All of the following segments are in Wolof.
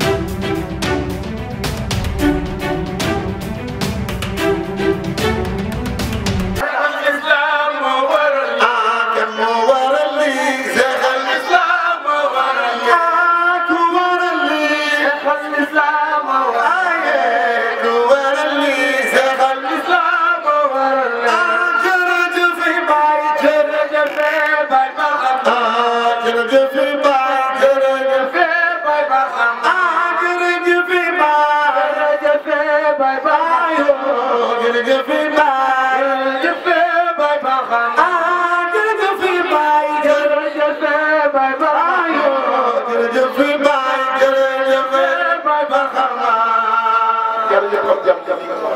Thank you.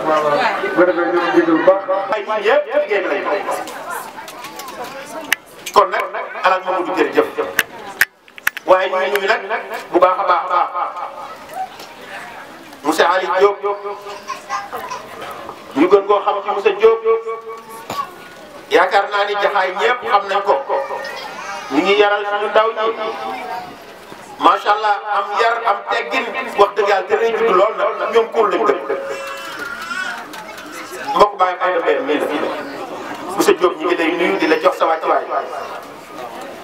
waaw waaw bu defee bu baax. kon nag alal moomu waaye nag bu baax a baax a baax monsieur Aliou Diop gën koo xam ci monsieur Diop yaakaar naa ni jaxaay ñëpp xam nañ ko mu ngi yaral suñu ndaw ñi macha allah am yar am teggin wax dëgg yàlla te rëy lool nag ñoom kuul lañ dëkk. baa ngi ànd mbéy mi ngi fii la monsieur Diop ñu ngi lay nuyu la jox sa wàccuwaay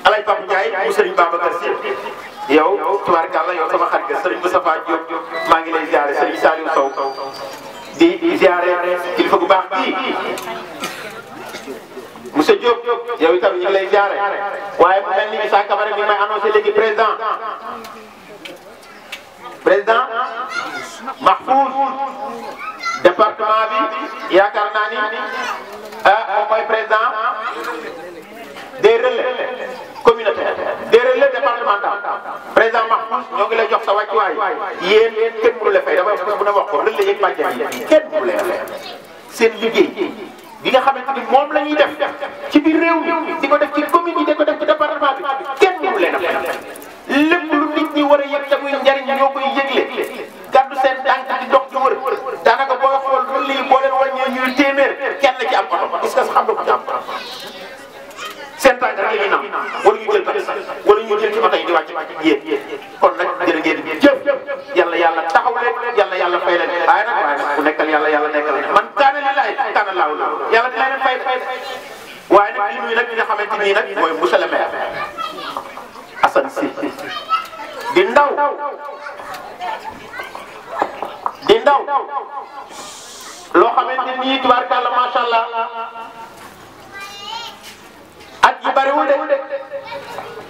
El Hadj Pape Ndiaye mu Serigne Babacar Sy yow tubaarkàlla yow sama xarit nga Serigne Moustapha Diop maa ngi lay ziare Serigne Saliou Sow di ziare kilifa gu baax bii monsieur Diop yow itam ñu ngi lay ziare waaye bu mel ni Issa Camara mi may annoncé léegi président président Mahfouz. département bi yakar na ni ah moom mooy président des relais communautaires des relais départementaux président Mahfouz ñoo ngi lay jox sa waccu way yeen kenn mënu le fay dama ko a wax ko relais yeeg bàjjen yi kenn mënu le fay seen liggéey bi nga xamante ni moom la def ci bir rew mi di ko def ci commune yi di ko def ci département bi kenn mënu le fay lepp lu nit ñi wara a ta muy njariñ ñokoy yeglé gàddu seen tànk di dox di wër daanaka booy xool ba lii boo leen wàññee ñuy téeméer kenn ci am oto est-ce que xam nga ko ci am seen tànk rek la ñuy nam wala ñu jël tax wala ñu jël ci oto yi di wàcc yéen kon nag jërë ngeen jëf yàlla yàlla taxaw leen yàlla yàlla fay leen waaye nag waaye nag ku nekkal yàlla yàlla nekkal leen man kaana lillaahi kaana laahu lahu yàlla dina leen fay fay waaye nag li muy nag li nga xamante nii nag mooy monsieur le maire Assane Sy di ndaw di ndaw loo xamante ni tubaarkàlla macha allah at yi bariwul de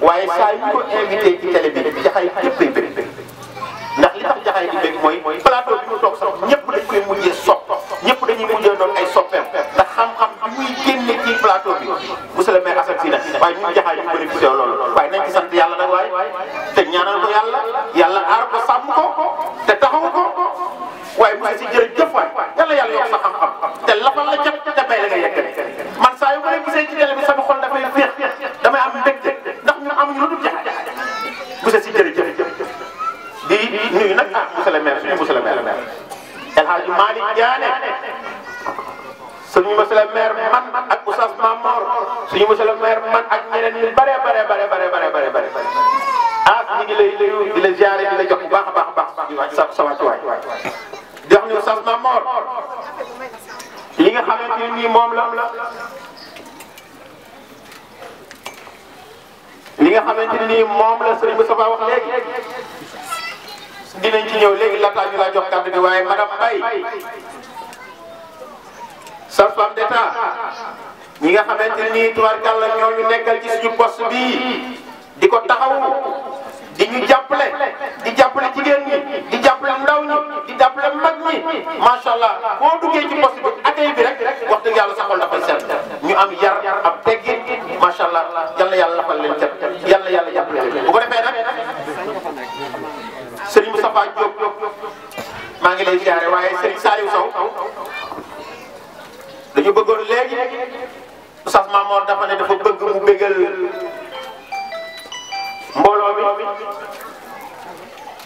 waaye saa yu ko invité ci télé bi jaxay képpay bëri ndax li tax jaxay di bëri mooy plateau bi mu toog sax ñëpp dañ mu mujjee sopp ñëpp dañuy mujjee doon ay soppeem ndax xam-xam bi muy génne ci plateau bi monsieur le maire Assane Sy nag waaye ñun jaxay ñu bénéficié loolu waaye nañ ci sant yàlla nag waaye te ñaanal ko yàlla yàlla aar ko sàmm ko te taxawu ko. waaye waaye si jërëjëf waay yàlla yàlla yokk sa xam-xam te lafal la jot te bay la nga yeggali man saa yu ma leen gisee ci télé bi sama xol dafay féex damay am mbégte ndax ñun amuñu lu dul jaxase monsieur si jërëjëf di nuyu nag ah monsieur le maire suñu monsieur le maire El Hadj Malick Diané suñu monsieur le maire man ak Oustaz Mamor suñu monsieur le maire man ak ñeneen ñu bare bare bare bare bare bare ah ñu ngi lay nuyu di la la jox bu baax a baax a baax sa sa wàccuwaay jox ñu sas ma moor li nga xamante ne nii moom la li nga xamante ne nii moom la sëriñ wax léegi dinañ ci ñëw léegi laataa ñu laa jox kàddu gi waaye madame Mbaye sa femme d'état ñi nga xamante ne nii tubaarkàlla ñoo ñu nekkal ci suñu poste bii di ko taxawu. di ñu jàppale di jàppale jigéen ñi di jàppale ndaw ñi di jàppale mag ñi macha allah boo duggee ci poste bi accueil bi rek wax dëgg yàlla sa xol dafay sell ñu am yar am teggin macha allah yàlla yàlla lafal leen cat yàlla yàlla jàppale leen bu ko defee nag Serigne Moustapha Diop maa ngi lay ziare waaye Serigne Saliou Sow dañu bëggoon léegi Oustaz Mamour dafa ne dafa bëgg mu bégal. mbooloo bi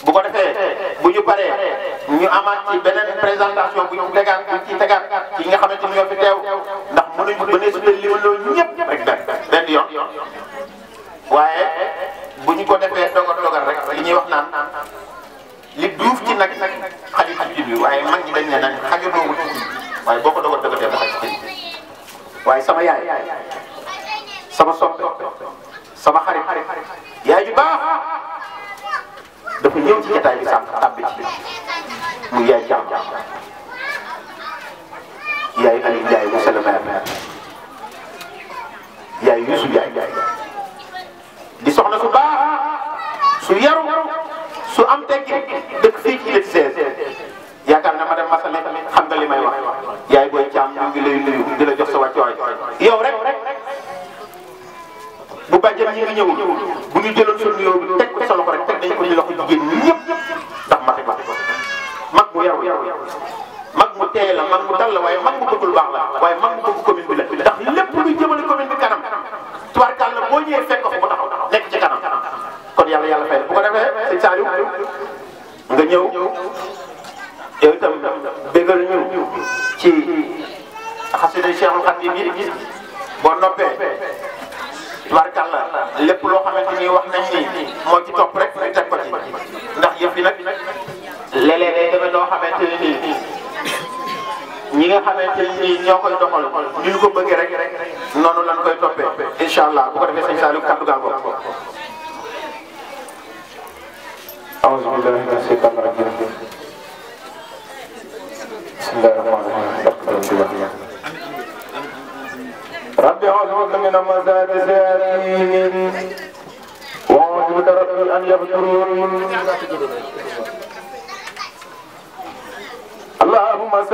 bu ko defee bu ñu paree ñu amaat ci beneen présentation bu ñu tegaat bu ci tegaat ci nga xamante ni ñoo fi teew ndax mënuñu bëne su li loolu ñëpp rek benn benn yoon waaye bu ñu ko defee dogal dogal rek li ñuy wax naan li duuf ci nag xaju ci jib bi waaye mag ñi dañ ne nag xaju doomu ci waaye boo ko dogal dogal def xaj ci waaye sama yaay sama soppe sama xarit yaay ju baax dafa ñëw ci jotaay bi sànq tàbbi ci mu yaay jàmm yaay Aliou Ndiaye monsieur le maire yaay Youssou Ndiaye di soxna su baax su yaru su am tekki dëkk fii ci les seize yaakaar na ma dem masale xam nga li may wax yaay booy càmm ñu ngi lay nuyu di la jox sa wàccuwaay yow rek. bu bàjjen ñi nga ñëwul bu ñu jëloon suñu yow teg ko sa loxo rek teg nañ ko ñu loxo jigéen ñi ñëpp kii moo ci topp rek ñu teg ko ci ndax yëf yi nag léeg-léeg day demee noo xamante ne nii ñi nga xamante ne nii ñoo koy doxal ñu ko bëggee rek noonu lañ koy toppee incha allah bu ko defee sëñ Saliou kaddu gaa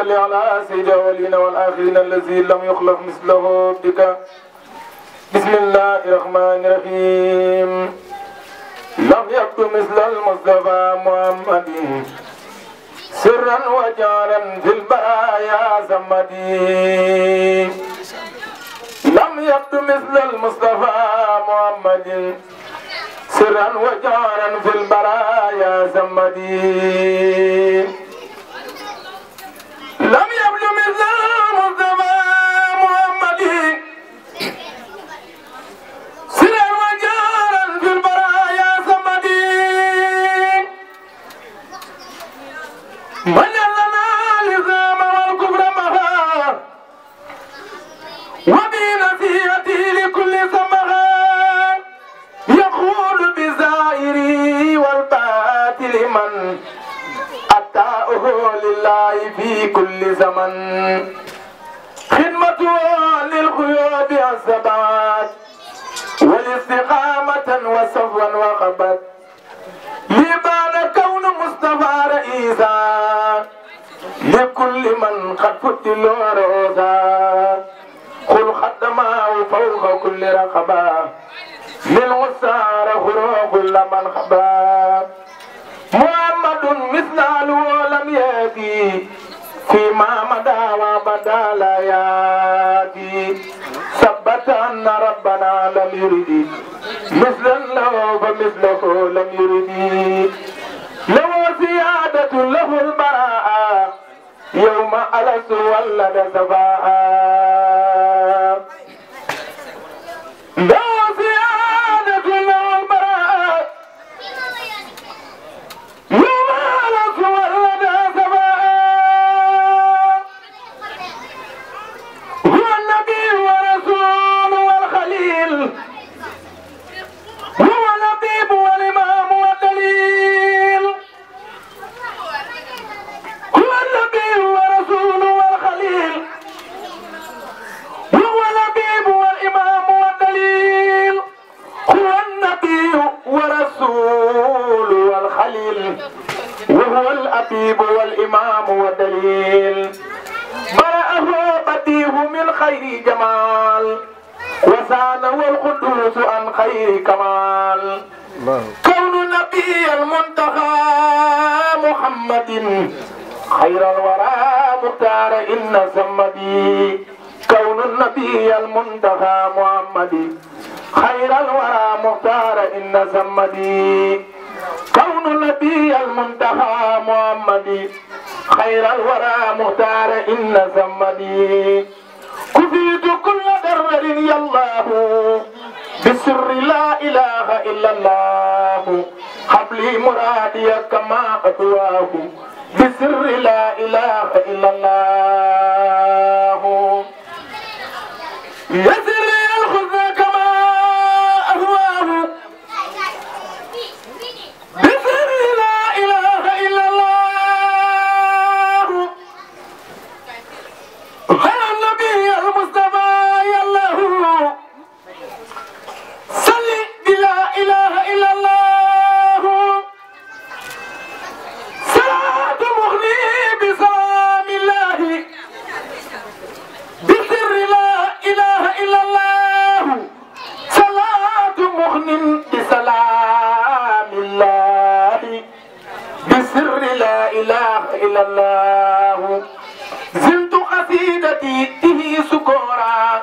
صل على سيد الأولين والآخرين الذي لم يخلق مثله بك بسم الله الرحمن الرحيم لم يبد مثل المصطفى محمد سرا وجارا في البرايا سمدي لم يبد مثل المصطفى محمد سرا وجارا في البرايا سمدي لم يبلغ مثل مصطفى محمد سرا وجارا في البرايا صمد من لنا الاسلام والكفر مها وبنصيحته لكل سمها يقول بزائري والباطل من مفتاحه لله في كل زمن خدمته للغيوب الزبات والاستقامة وصفوا وخبت لبان كون مصطفى رئيسا لكل من قد فتلوا روزا قل خدماه فوق كل رقبة للغسار خروج لمن خباب محمد مثل لم يأتي فيما مدى وبدا لا يأتي ثبت أن ربنا لم يرد مثلا له فمثله لم يرد له زيادة له البراءة يوم ألس ولد سباء خير الورى مختار إن زمدي كفيت كل ذر يا الله بسر لا إله إلا الله قبلي مرادي كما أتواه بسر لا إله إلا الله يسر إلا الله زلت قصيدتي به سكورا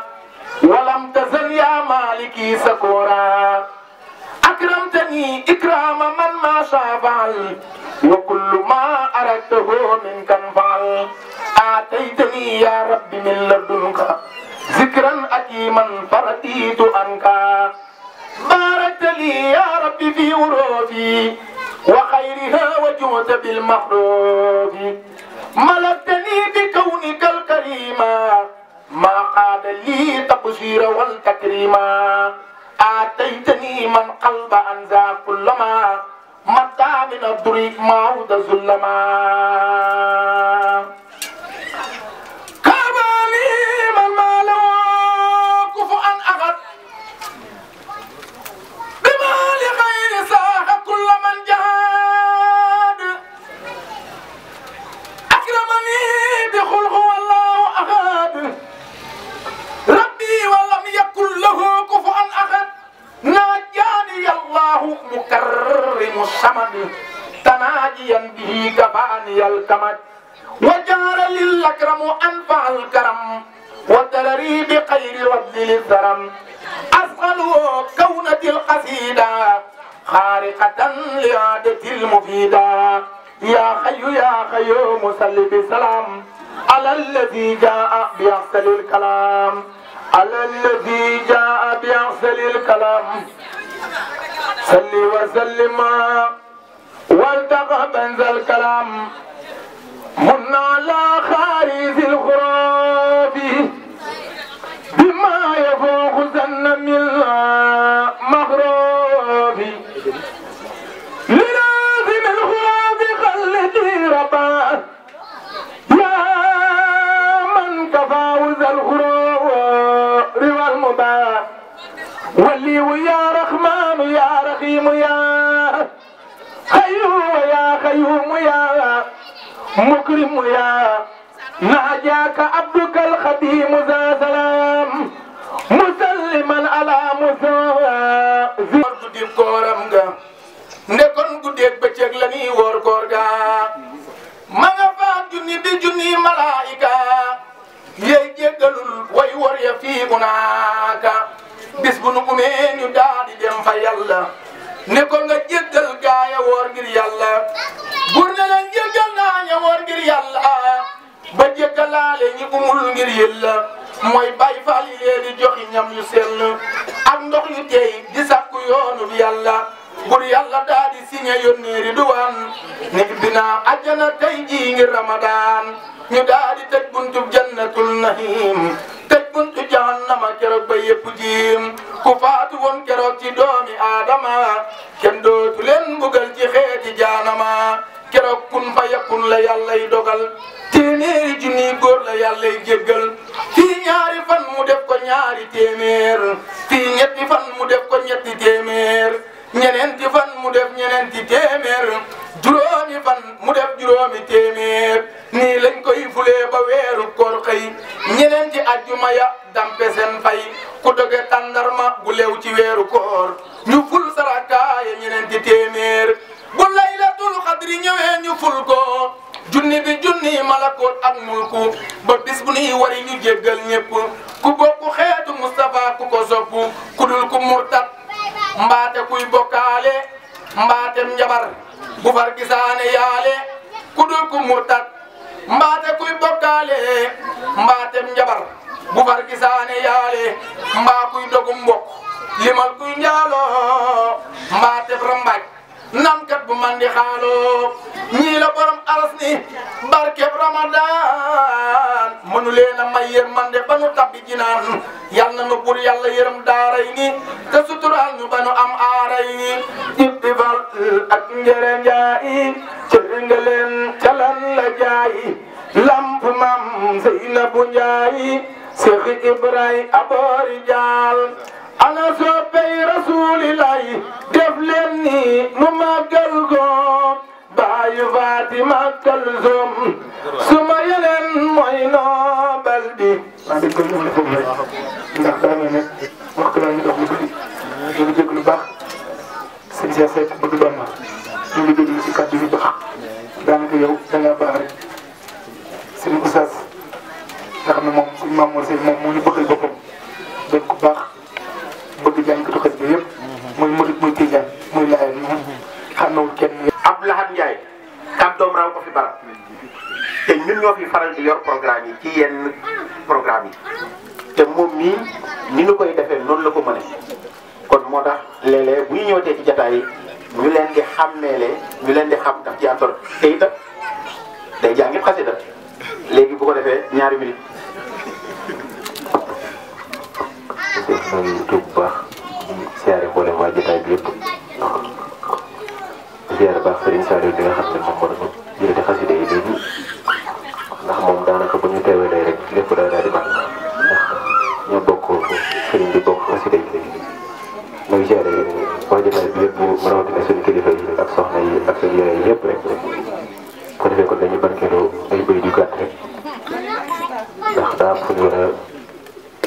ولم تزل يا مالكي سكورا أكرمتني إكرام من ما شافعل وكل ما أردته منك انفعل آتيتني يا رب من لدنك ذكرا أكيما فرتيت أنك باركت لي يا رب في وروفي وخيرها وجوز بالمحروم ملكتني بكونك الكريما ما قاد لي تقصير والتكريما آتيتني من قلب أنزا كلما متى من الدريك ما هدى ظلما الكمد تناجيا به كفاني الكمد وجار للأكرم أنفع الكرم وتلري بخير وبد للثرم أسأل كونة القصيدة خارقة لعادة المفيدة يا خيو يا خيو مسل بسلام على الذي جاء بأحسن الكلام على الذي جاء بأحسن الكلام صل وسلم والتقى بنز الكلام من على خارج الخراف بما يفوق زن من مغراف للازم الخراف خلدي رباه يا من تفاوز الخراف والمباه ولي ويا رحمن يا رحيم يا القيوم يا مكرم يا نعجاك عبدك الخديم ذا سلام مسلما على مساوى guddi kooram ga ndekon guddeeg bëccëg la ñuy woor koor ga ma nga faat junni di junni malaayika yey jéggalul way wor ya fii gunaaka bis bu nu umee ñu daal di dem fa yàlla ne ko nga jéggal gaaya woor ngir yàlla bur ne leen jéggal naa ña woor ngir yàlla ba jéggalaale ñi umul ngir yàlla mooy bay faal yi leen di joxi ñam yu sell ak ndox yu tey di sàkku yoonu yàlla bur yàlla daal di signé yónneeri duwaan ne binaa ajjana tey jii ngir ramadaan ñu daal di tëj buntu jannatul nahim tëj buntu jahannama keroog ba yëpp jiim ku faatu woon keroog ci doomi aadama kenn dootu leen mbugal ci xeeti jaanama keroog kun fa yakun la yàllay dogal téeméeri junni góor la yàllay jéggal fii ñaari fan mu def ko ñaari téeméer fii ñetti fan mu def ñetti téeméer ñeneenti fan mu def ti témèr juroomi fan mu def juroomi témèr nilen lañ koy fulé ba weeru koor xëy ñeneenti maya ya dampe sen fay ku doge tandarma bu lew ci wéru koor ñu ful sarakaaya ñeneenti témèr bu laylatul ñewé ñu ful ko junni bi junni malakoot ak mulku ba bis bu nyepu, wari ñu jéggal ñepp ku bokku xéetu Mustafa ku ko sopp ku dul ku mbaate kuy bokkaale mbaatem njabar bu far yaale ku dul ku murtat mbaate kuy bokkaale mbaatem njabar bu far yaale mbaa kuy dogum mbokk limal kuy njaaloo mbaateb rambaaj namkat bu man di xaaloo ñii la borom aras ni barkeb ramadan mënu leen a may yér man ba nu tabbi jinaan yal na nu bur yàlla yërëm daaray ni te sutural ba nu am aaray ni ibtifal ak njëre njaayi cëri nga leen calan la jaayi lamp mam Seynabu Njaayi Seex Ibrahima aboori jaal ana soppey rasulilaay def leen ni nu màggal ko baayu Fatima Kalsum suma yeneen mooy noobal bi maa ngi koy ñëw foofu rek lu baax sëñ Cheikh Seck bëgg doon na ñu ngi baax daanaka yow da ngaa baax ne moom suñu maam baax bëgg jàngatu xët bi yëpp mhm. muy murit muy tijaan muy laayeen mhm. xamewul kenn Abdou Lahad Ndiaye kàddoom raw ko fi barab te ñun ñoo fi faral di yor programme yi ci yenn programme yi te moom mii ni ñu koy defee noonu la ko mëne kon moo tax léeg-léeg bu ñu ñëwatee ci jataay yi ñu leen di xàmmeele ñu leen di xam daf ci am solo te itam day jàng ñëpp xasida léegi bu ko defee ñaari minutes di nuyu bu baax di siyaare mboolem waa jotaay bi yëpp di siyaare baax Serigne Saliou di nga xam ne moom moo doon jëlee xasida yi léegi ndax moom daanaka bu ñu teewee teewalee rek lépp ko daal di ñoo bokk Serigne bi bokk xasida yi léegi muy siyaare yëpp mu rawatina suñu kilifa yi ak soxna yi ak seen yaay yi yëpp rek ko defee kon dañuy barkeeloo ay bëy yu gàtt rek ndax daa am ñu war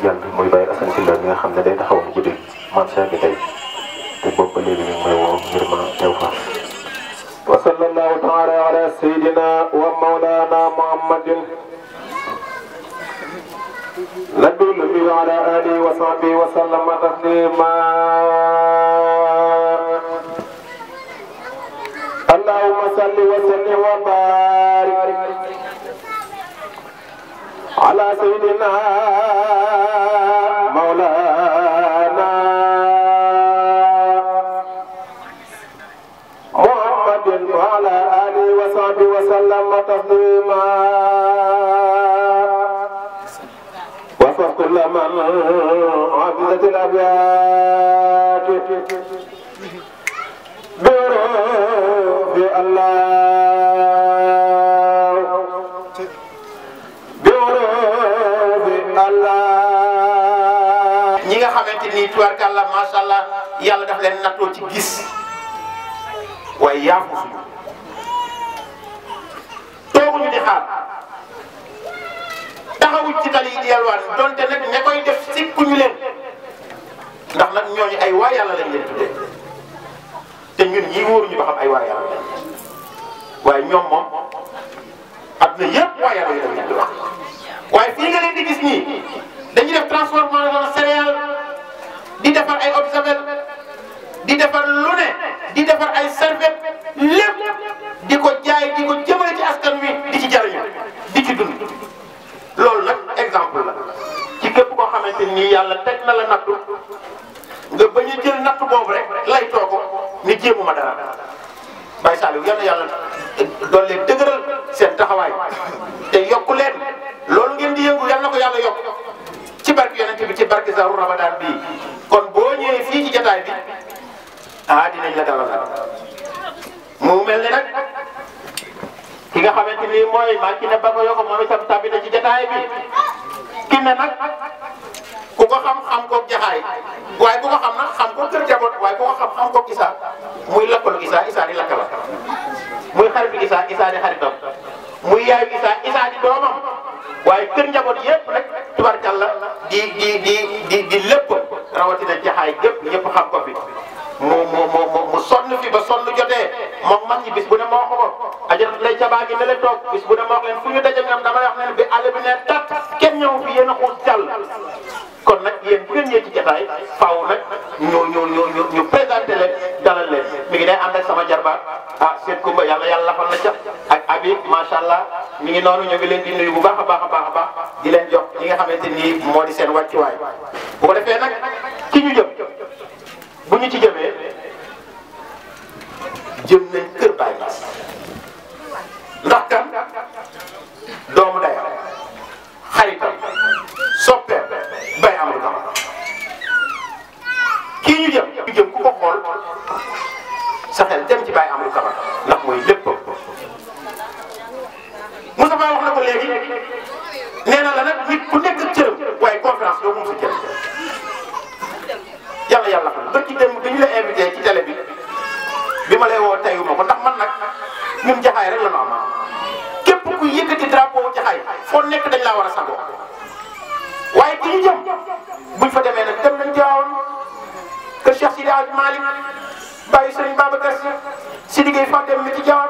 jàll muy bàyyi Assane Sylla bi nga xam day taxawoon ci biir marché bi tey te boobu léegi ñu ngi may ngir ma teew fa wa sallallahu taala ala sayidina wa maulana muhammadin ala wa wa sallama taslima allahumma salli wa sallim wa barik ala sayidina حافظة الأبيات بروح الله بروح الله ñi nga xamante ni tubarkalla macha allah yàlla daf leen nattoo ci gis waaye yaafu suñu tooguñu di xaar taxawuñ ci tali yi di yalwaan donte nag ña koy def sikkuñu leen ndax nag ñooñu ay waa yàlla leen tuddee te ñun ñii xam ay waa yàlla lañ waaye ñoom moom adduna yëpp waa yàlla yi lañ leen di nga leen di gis nii dañuy def transformation céréale di defar ay observer di defar lu ne di defar ay serviette lépp di ko jaay di ko jëmale ci askan wi di ci jariñu di ci dund. loolu nag exemple la ci képp koo xamante ni yàlla teg na la nattu nga ba ñu jël nattu boobu rek lay too ko ni jéemuma dara Baye Saliou yal na yàlla doon leen dëgëral seen taxawaay te yokk leen loolu ngeen di yëngu yal na ko yàlla yokk ci barke yonent bi ci sa Zaru Ramadan bii kon boo ñëwee fii ci jotaay bi ah dinañ la dalal mu mel ne nag. ki nga xamante ni mooy maa ngi ne Babayogo moom itam tàbbi na ci jotaay bi ki ne nag ku ko xam xam koog jaxaay waaye ku ko xam nag xam koog kër jaboot waaye ku ko xam xam koog Isa muy lakkalu Isa Isa di lakkala muy xarit Isa Isa di xaritam muy yaayu Isa Isa di doomam waaye kër njaboot yëpp rek tubarkalla di di di di di lépp rawatina jaxaay yëpp ñëpp xam ko moo moo moo mu sonn fi ba sonn jotee moom man ñi bis bu ne moo wax ko ajarat lay cabaa gi ne la toog bis bu ne ma wax leen fu ñu daje ñoom dama wax ne a xuus kon nag yéen bu ngeen ñëwee ci jotaay faaw nag ñu ñu ñu ñu ñu présenté leen dalal leen mi ngi day ànd ak sama jarbaat ah seet kumba yàlla yàlla lafal na ca ak abi macha allah mi ngi noonu ñu ngi leen di nuyu bu baax a baax a baax a baax di leen jox ñi nga xamante ni moo di seen wàccuwaay bu ko defee nag ki ñu jëm. bu ñu ci jëmee jëm nañ kër Baye Bass ndax kan doomu day xaritam soppee bay amul dama kii ñu jëm ñu jëm ku ko xool sa xel laa war a sangoo waaye bi ñu jëm buñ fa demee nag dem nañ Tiwaawan kër Cheikh Sidi Hadj Malick bàyyi Serigne Babacar Sy Sidigueye Fatou dem mi ci Tiwaawan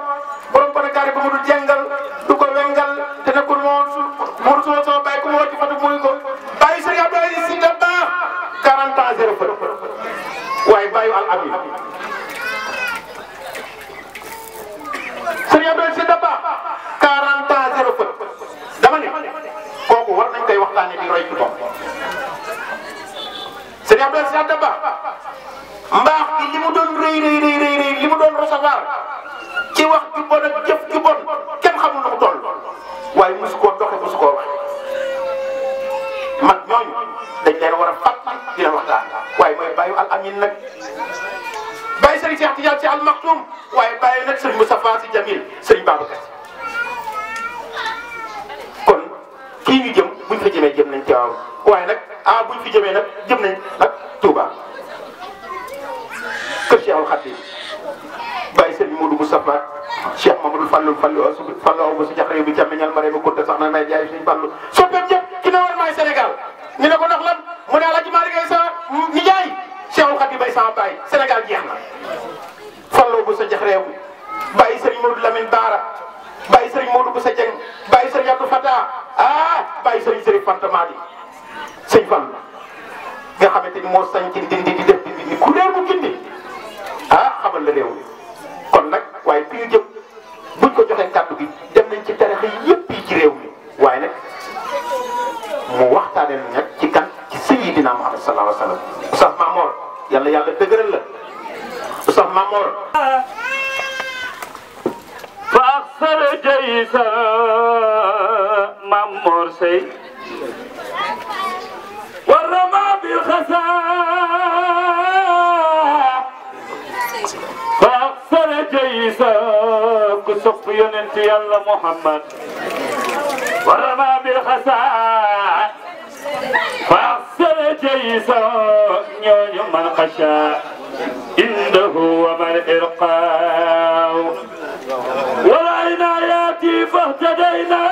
فاهتدينا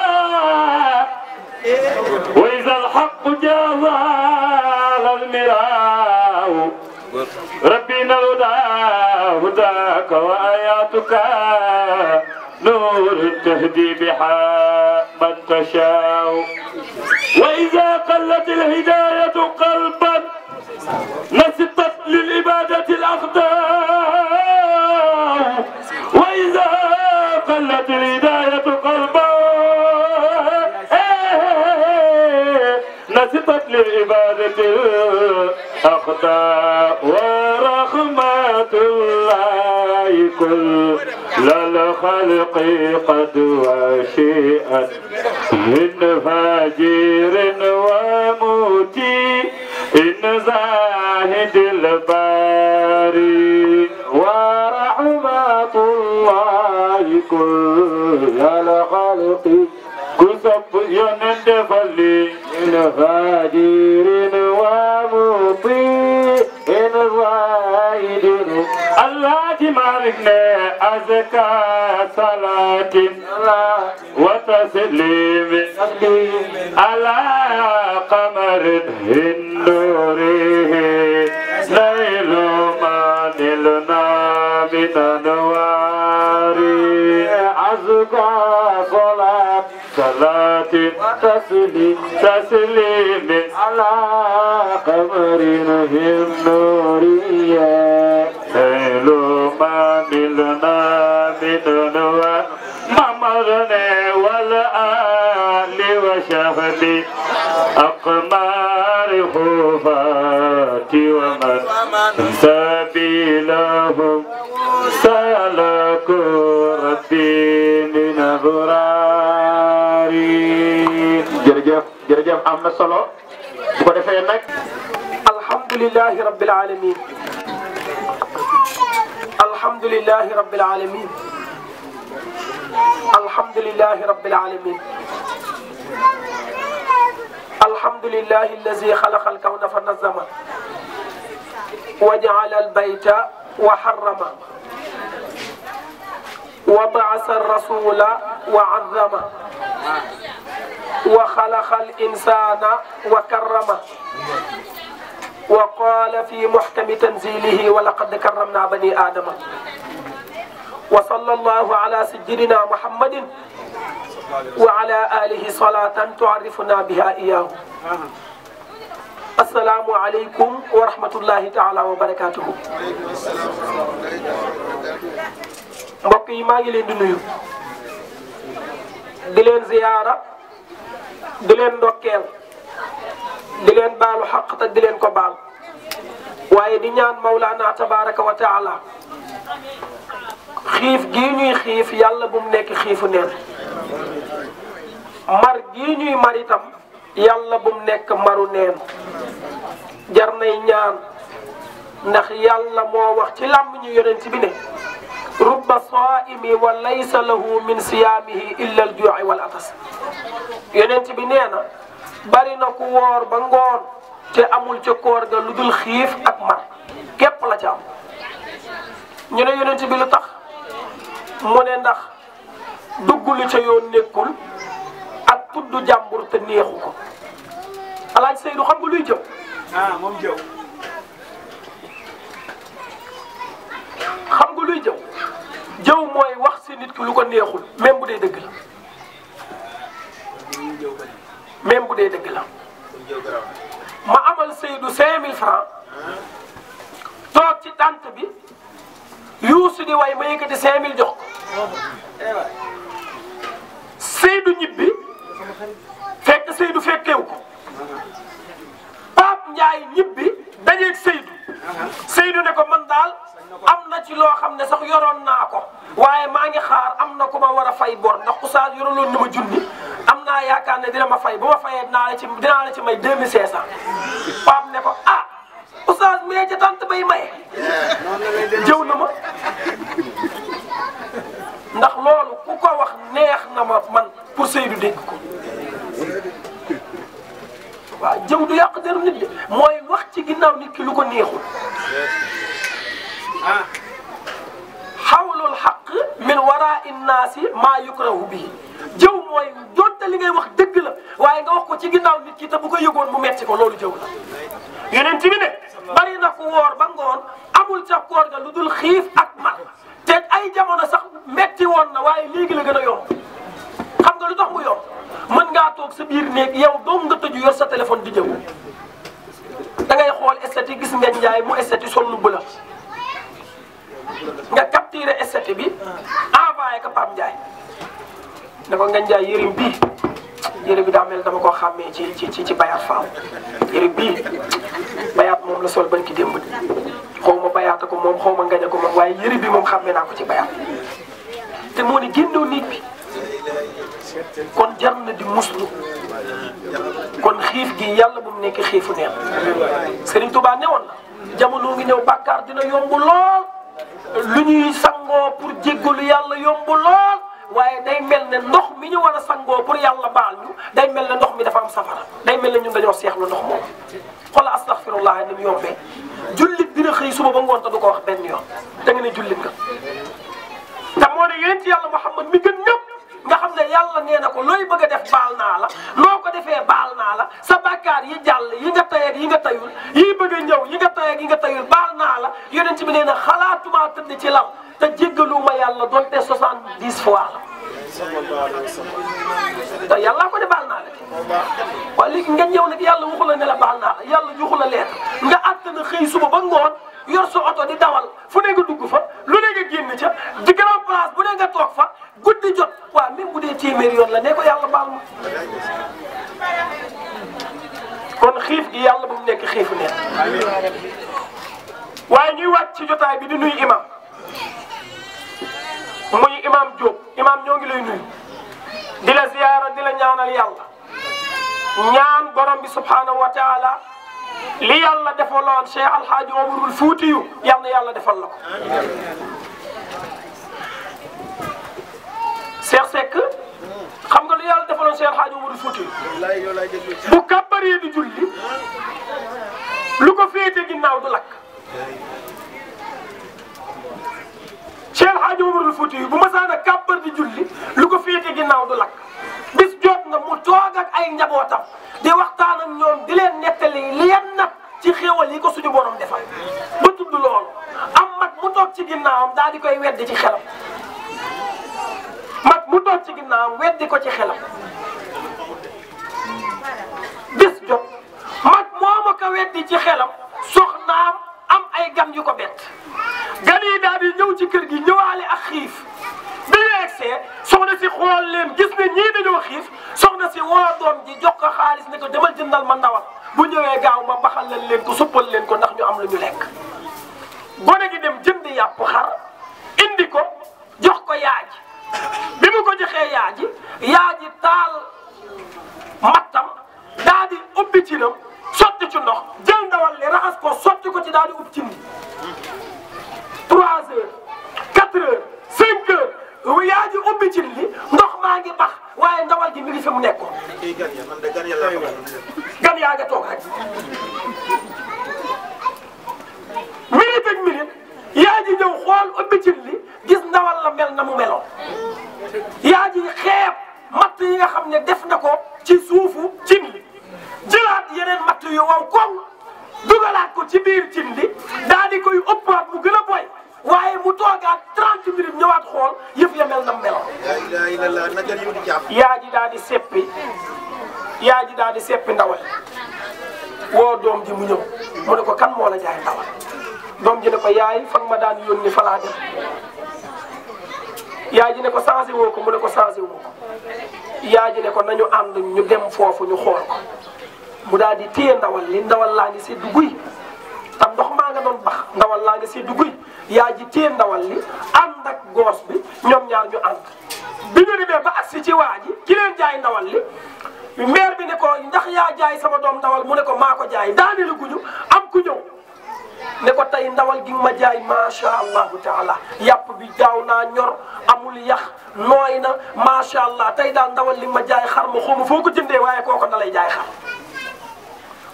اهتدينا وإذا الحق جاء ظهر المراء ربنا الهدى هداك وآياتك نور تهدي بها من تشاء وإذا قلت الهداية قلبا نسطت للعبادة الأخضر الرضا ورحمة الله كل للخلق قد وشئت من فجير وموتي إن زاهد الباري ورحمة الله كل للخلق كسب ينند فلي من غدير ومطيع غايد الله جمالنا أزكى صلاة وتسليم على قمر النوره ليل ما نلنا من أنوار أزكى تسليم على قبر نبي النورية ليل ما ملنا من نور ممرنا والآل وشهدي أقمار خوفاتي ومن سبيلهم سلكوا ربي من أبرار جرجم أمنا صلو بكرة فينك الحمد لله رب العالمين الحمد لله رب العالمين الحمد لله رب العالمين الحمد لله الذي خلق الكون فنظم وجعل البيت وحرم وبعث الرسول وعظمه وخلق الإنسان وكرمه وقال في محكم تنزيله ولقد كرمنا بني آدم وصلى الله على سيدنا محمد وعلى آله صلاة تعرفنا بها إياه asalaamualeykum wa rahmatullahi taala wa barakaatuhu. yi maa ngi leen di nuyu. di leen ziyaara. di leen ndokkeel. di leen baalu xaq te di leen ko baal. waaye di ñaan Mawlana tabaraka wa taala. xiif gi ñuy xiif yàlla mu nekk xiifu neen. mar gii ñuy mar yalla bum nek maru neen jar nay ñaan ndax yalla mo wax ci lamb ñu yonent bi ne رب صائم وليس له من صيامه الا الجوع والعطس يونت بي نينا بارينا كو وور با نغور تي امول تي كور دا لودول خيف اك مار كيب لا تي ام ني نيو يونت بي لو تخ مو ني ندخ دغلو تي يون نيكول tudd jàmbur te neexu ko alaaj Seydou xam nga luy jëw ah jëw nga luy jëw jëw mooy wax si nit ki lu ko neexul même bu dee dëgg la même bu dee dëgg la ma amal Seydou 5000 francs ah. toog ci tànt bi yuusu di way ma yëkkati 5000 jox ko eh ñibbi fekk Seydou fekkewu ko Pape Ndiaye ñibbi dajeeg Seydou Seydou ne ko man daal am na ci loo xam ne sax yoroon naa ko waaye maa ngi xaar am na ku ma war a fay bor ndax oustaz yoroloon na ma junni am naa yaakaar ne dina ma fay bu ma fayee dinaa la ci dinaa la ci may 2500 Pape ne ko ah oustaz mais ca tant bay maye jëw na ma ndax loolu ku ko wax neex na ma man pour Seydou dégg ko waaw jëw du yàq deru nit de mooy wax ci ginnaaw nit ki lu ko neexul ah xawlul xaq min wara innaasi maa yukrahu bii jëw mooy donte li ngay wax dëgg la waaye nga wax ko ci ginnaaw nit ki te bu ko yëgoon mu metti ko loolu jëw la yeneen ti bi ne bari na ku woor ba ngoon amul ca koor ga lu dul xiif ak mar te ay jamono sax metti woon na waaye léegi la gën a yomb xam nga lu tax mu yomb mën ngaa toog sa biir néeg yow doom nga tëju yor sa téléphone di jëw da ngay xool esthétique gis ngeen njaay mu esthétique sol nu bula nga capturé esthétique bi envoyé ko Pape Ndiaye dafa nga njaay yërim bii yere bi da mel dama ko xamé ci ci ci ci bayat faaw yere bi bayat mom la sol ban ki démb xawma bayat ko mom xawma ngañ ko mom waye yere bi mom xamé na ko ci bayat te moo ne nit bi kon jarna di muslu kon xif gi yalla bu mu nekk xiifu neen Serigne Touba newon na jamono ngi ñew bakkar dina yombu lol luñuy sango pour jéggalu yalla yombu lol waaye day mel ne ndox mi ñu war a sangoo pour yàlla baal ñu day mel ne ndox mi dafa am safara day mel ne ñun dañoo seexlu ndox moom xoola astaghfirullah ni mu yombee jullit dina xëy suba ba ngoon te ko wax benn yoon da nga ne jullit nga te yàlla Muhammad mi gën ñëpp nga xam ne yàlla nee na ko looy bëgg def baal la noo ko defee baal naa la sa bàkkaar yi jàll yi nga yi nga tayul yi bëgg a ñëw yi nga tayeg yi nga tayul baal naa la yonent bi nee na xalaatumaa tëdd ci lal te jéggaluma yàlla donte soixante dix fois la te yàllaa ko de baal naa la ci waaye léegi nga ñëw nag yàlla waxu la ne la baal naa la yàlla joxu la leer nga àttana xëy suba ba ngoon yor sa oto di dawal fu ne nga dugg fa lu ne nga génn ca di grand place bu ne nga toog fa guddi jot waaw même bu dee téeméer yoon la ne ko yàlla baal ma kon xiif gi yàlla bu mu nekk xiifu neen waaye ñuy wàcc ci jotaay bi di nuyu imam muy imam Diop imam ñoo ngi lay nuyu di la ziyaara di la ñaanal yàlla ñaan borom bi subhanahu wa taala li yàlla defaloon Cheikh Alhaaji Omarul Fuutiyu yàlla yàlla defal la ko Cheikh Seck xam nga lu yàlla defaloon Cheikh Alhaaji Omarul Fuutiyu bu kàbbar yi di julli lu ko féete ginnaaw du lakk Cheikh Hadji Omarul Fouti bu masaan a kàbbar di julli lu ko féete ginnaaw du lakk bis jot na mu toog ak ay njabootam di waxtaan ak ñoom di leen nettali li leen nag ci xéewal yi ko suñu borom defal ba tudd loolu am mag mu toog ci ginnaawam daal di koy weddi ci xelam mag mu toog ci ginnaawam weddi ko ci xelam bis jot mag moomu ko weddi ci xelam soxnaam am ay gam yu ko bet gan yi daal di ñëw ci kër gi ñewale ak xif bi ñu egsee soxna ci xol leen gis ne ñi dañu xif soxna ci wo doom ji jox ko xaaliss ne ko demal jëndal ma ndawal bu ñewé gaaw ma baxalal leen ko suppal leen ko ndax ñu am lu ñu lekk. gone gi dem jënd yap xar indi ko jox ko yaay bi mu ko joxé yaay ji taal matam daal di ubbi ci nam sotti ci ndox jël ndawal li raxas ko sotti ko ci daal di ub cin bi trois heures quatre heures cinq heures yaa ji ubbi cin li ndox maa ngi bax waaye ndawal ji mi ngi fi mu nekkoon gan yaa nga toog rek minute ak minute yaa ji ñëw xool ubbi cin li gis ndawal la mel na mu meloon yaa ji xeeb matt yi nga xam ne def na ñu yónni fa laa dem yaay ji ne ko changé woo ko mu ne ko changé woo ko yaay ji ne ko nañu ànd ñu dem foofu ñu xool ko mu daal di téye ndawal li ndawal laa ngi seddu guy tam ndox maa nga doon bax ndawal laa ngi seddu guy yaay ji téye ndawal li am ak goos bi ñoom ñaar ñu ànd bi ñu demee ba agsi ci waa yi ki leen jaay ndawal li maire bi ne ko ndax yaa jaay sama doom ndawal mu ne ko maa ko jaay daane lu guñu am ku ñëw ne ko tey ndawal gi ma jaay macha allahu taala yàpp bi gaaw naa ñor amul yax nooy na macha allah tey daal ndawal li ma jaay xar ma xaw ma foo ko jëndee waaye kooko na lay jaay xar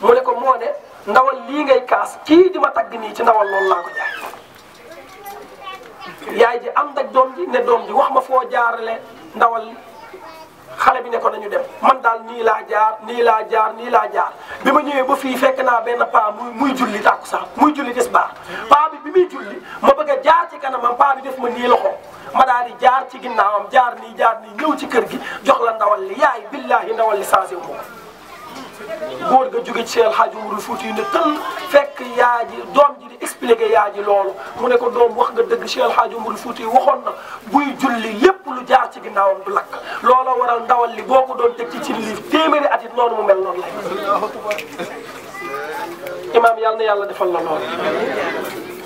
mu ne ko moo ndawal lii ngay kaas kii di ma tagg nii ci ndawal lool laa jaay yaay ji am ak doom ji ne doom ji wax ma foo jaarale ndawal xale bi ne ko nañu dem man daal nii laa jaar nii laa jaar nii laa jaar bi ma ñëwee ba fii fekk naa benn paa muy muy julli tàkkusaan muy julli tisbaar paa bi bi muy julli ma bëgg a jaar ci kanamam paa bi def ma nii loxo ma daal di jaar ci ginnaawam jaar nii jaar nii ñëw ci kër gi jox la ndawal li yaay billahi ndawal li changé wu ko góor ga jóge ci El Hadj Oumar Foutiyou ne tënk fekk yaa ji doom ji di expliqué yaa ji loolu mu ne ko doom wax nga dëgg ci El Hadj Oumar Foutiyou waxoon na buy julli lépp lu jaar ci ginnaawam du lakk loola waral ndawal li boo ko doon teg ci ci liif téeméeri at it noonu mu mel noon lay imaam yàlla na yàlla defal la lool